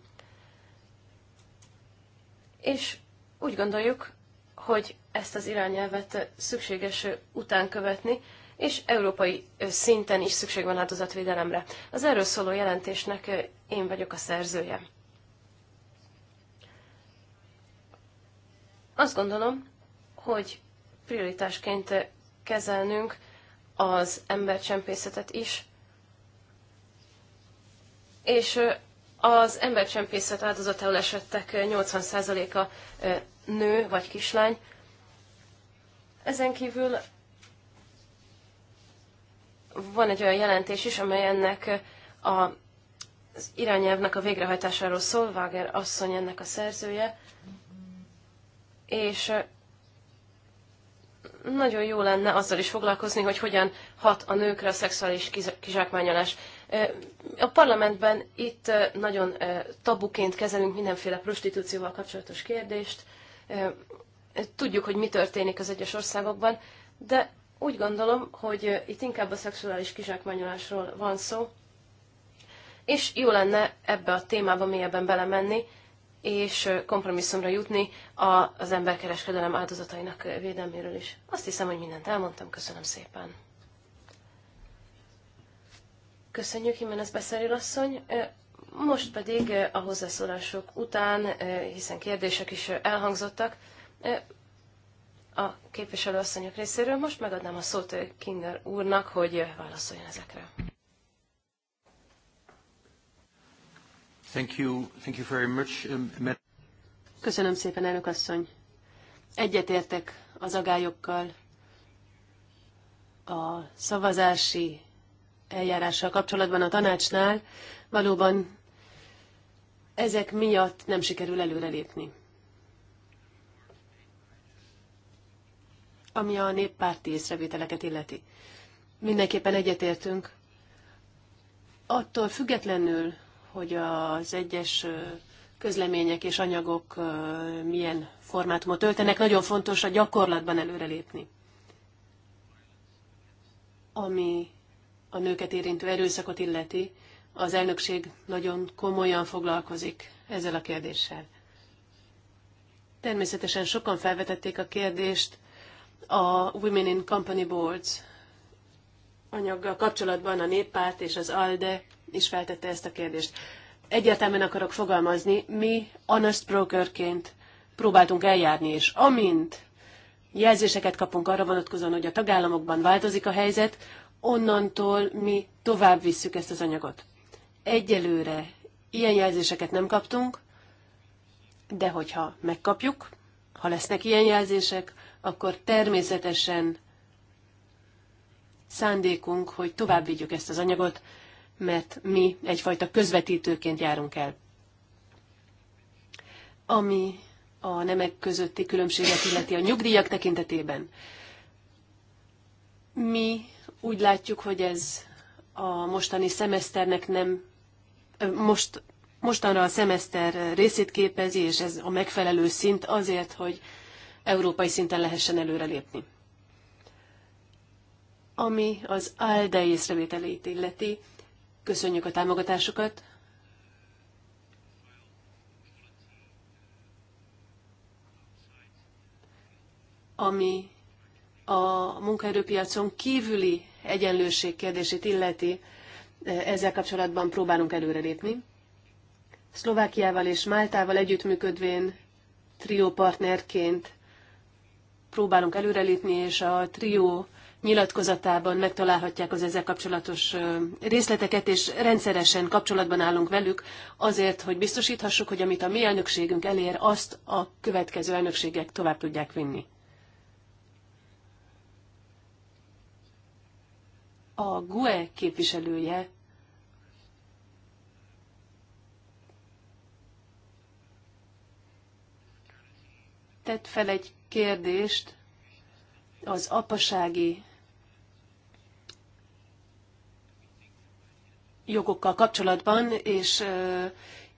És úgy gondoljuk, hogy ezt az irányelvet szükséges után követni, és európai szinten is szükség van áldozatvédelemre. Az erről szóló jelentésnek én vagyok a szerzője. Azt gondolom, hogy prioritásként kezelnünk az embercsempészetet is, és az embercsempészet áldozatául esettek 80%-a nő vagy kislány. Ezen kívül van egy olyan jelentés is, amely ennek a, az irányelvnek a végrehajtásáról szól, Wager asszony ennek a szerzője, és nagyon jó lenne azzal is foglalkozni, hogy hogyan hat a nőkre a szexuális kizsákmányolás. A parlamentben itt nagyon tabuként kezelünk mindenféle prostitúcióval kapcsolatos kérdést. Tudjuk, hogy mi történik az egyes országokban, de úgy gondolom, hogy itt inkább a szexuális kizsákmányolásról van szó, és jó lenne ebbe a témába mélyebben belemenni, és kompromisszumra jutni az emberkereskedelem áldozatainak védelméről is. Azt hiszem, hogy mindent elmondtam. Köszönöm szépen. Köszönjük, Jimenez Beszeril asszony. Most pedig a hozzászólások után, hiszen kérdések is elhangzottak, a képviselőasszonyok részéről. Most megadnám a szót eh, Kinger úrnak, hogy eh, válaszoljon ezekre. Thank you. Thank you very much. Um, Köszönöm szépen, elnök asszony. Egyetértek az agályokkal a szavazási eljárással kapcsolatban a tanácsnál. Valóban ezek miatt nem sikerül előrelépni. ami a néppárti észrevételeket illeti. Mindenképpen egyetértünk. Attól függetlenül, hogy az egyes közlemények és anyagok milyen formátumot öltenek, nagyon fontos a gyakorlatban előrelépni. Ami a nőket érintő erőszakot illeti, az elnökség nagyon komolyan foglalkozik ezzel a kérdéssel. Természetesen sokan felvetették a kérdést a Women in Company Boards anyaggal kapcsolatban a néppárt és az ALDE is feltette ezt a kérdést. Egyértelműen akarok fogalmazni, mi honest brokerként próbáltunk eljárni, és amint jelzéseket kapunk arra vonatkozóan, hogy a tagállamokban változik a helyzet, onnantól mi tovább visszük ezt az anyagot. Egyelőre ilyen jelzéseket nem kaptunk, de hogyha megkapjuk, ha lesznek ilyen jelzések, akkor természetesen szándékunk, hogy tovább vigyük ezt az anyagot, mert mi egyfajta közvetítőként járunk el. Ami a nemek közötti különbséget illeti a nyugdíjak tekintetében. Mi úgy látjuk, hogy ez a mostani szemeszternek nem, most, mostanra a szemeszter részét képezi, és ez a megfelelő szint azért, hogy európai szinten lehessen előrelépni. Ami az ALDE észrevételét illeti, köszönjük a támogatásukat. Ami a munkaerőpiacon kívüli egyenlőség kérdését illeti, ezzel kapcsolatban próbálunk előrelépni. Szlovákiával és Máltával együttműködvén triópartnerként partnerként próbálunk előrelépni, és a trió nyilatkozatában megtalálhatják az ezzel kapcsolatos részleteket, és rendszeresen kapcsolatban állunk velük azért, hogy biztosíthassuk, hogy amit a mi elnökségünk elér, azt a következő elnökségek tovább tudják vinni. A GUE képviselője tett fel egy kérdést az apasági jogokkal kapcsolatban, és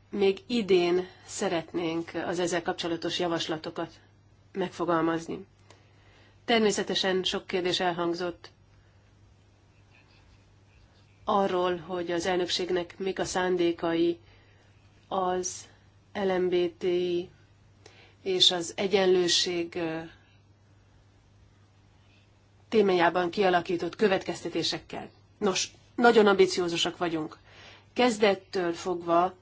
még idén szeretnénk az ezzel kapcsolatos javaslatokat megfogalmazni. Természetesen sok kérdés elhangzott arról, hogy az elnökségnek mik a szándékai az LMBTI és az egyenlőség témájában kialakított következtetésekkel. Nos, nagyon ambiciózusak vagyunk. Kezdettől fogva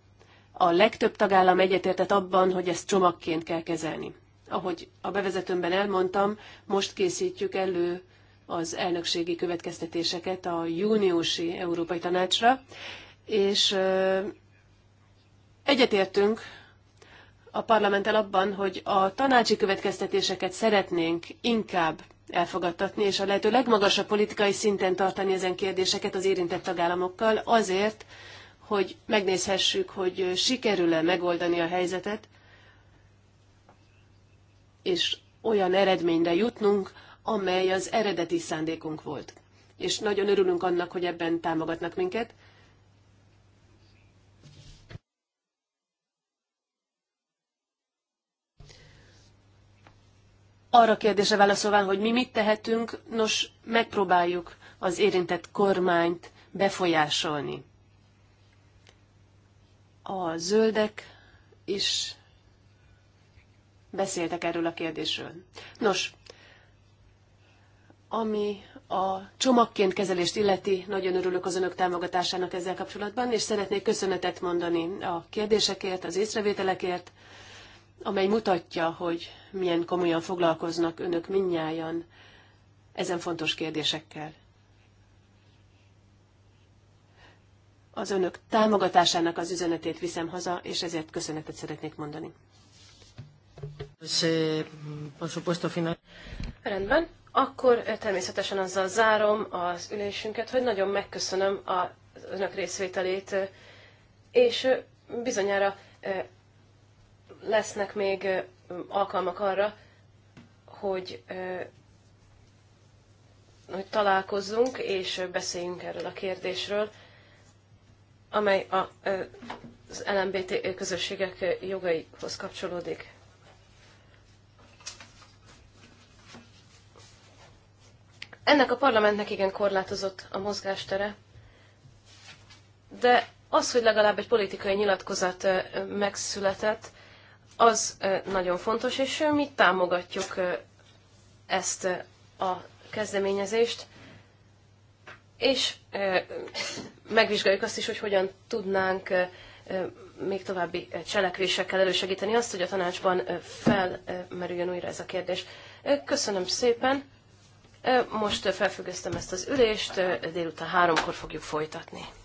a legtöbb tagállam egyetértett abban, hogy ezt csomagként kell kezelni. Ahogy a bevezetőmben elmondtam, most készítjük elő az elnökségi következtetéseket a júniusi Európai Tanácsra, és egyetértünk a parlamenttel abban, hogy a tanácsi következtetéseket szeretnénk inkább elfogadtatni, és a lehető legmagasabb politikai szinten tartani ezen kérdéseket az érintett tagállamokkal azért, hogy megnézhessük, hogy sikerül-e megoldani a helyzetet, és olyan eredményre jutnunk, amely az eredeti szándékunk volt. És nagyon örülünk annak, hogy ebben támogatnak minket, arra kérdése válaszolván, hogy mi mit tehetünk, nos, megpróbáljuk az érintett kormányt befolyásolni. A zöldek is beszéltek erről a kérdésről. Nos, ami a csomagként kezelést illeti, nagyon örülök az önök támogatásának ezzel kapcsolatban, és szeretnék köszönetet mondani a kérdésekért, az észrevételekért, amely mutatja, hogy milyen komolyan foglalkoznak önök minnyáján ezen fontos kérdésekkel. Az önök támogatásának az üzenetét viszem haza, és ezért köszönetet szeretnék mondani. Eh, Rendben, akkor eh, természetesen azzal zárom az ülésünket, hogy nagyon megköszönöm az önök részvételét, eh, és bizonyára lesznek még alkalmak arra, hogy, hogy találkozzunk és beszéljünk erről a kérdésről, amely a, az LMBT közösségek jogaihoz kapcsolódik. Ennek a parlamentnek igen korlátozott a mozgástere, de az, hogy legalább egy politikai nyilatkozat megszületett, az nagyon fontos, és mi támogatjuk ezt a kezdeményezést, és megvizsgáljuk azt is, hogy hogyan tudnánk még további cselekvésekkel elősegíteni azt, hogy a tanácsban felmerüljön újra ez a kérdés. Köszönöm szépen. Most felfüggesztem ezt az ülést, délután háromkor fogjuk folytatni.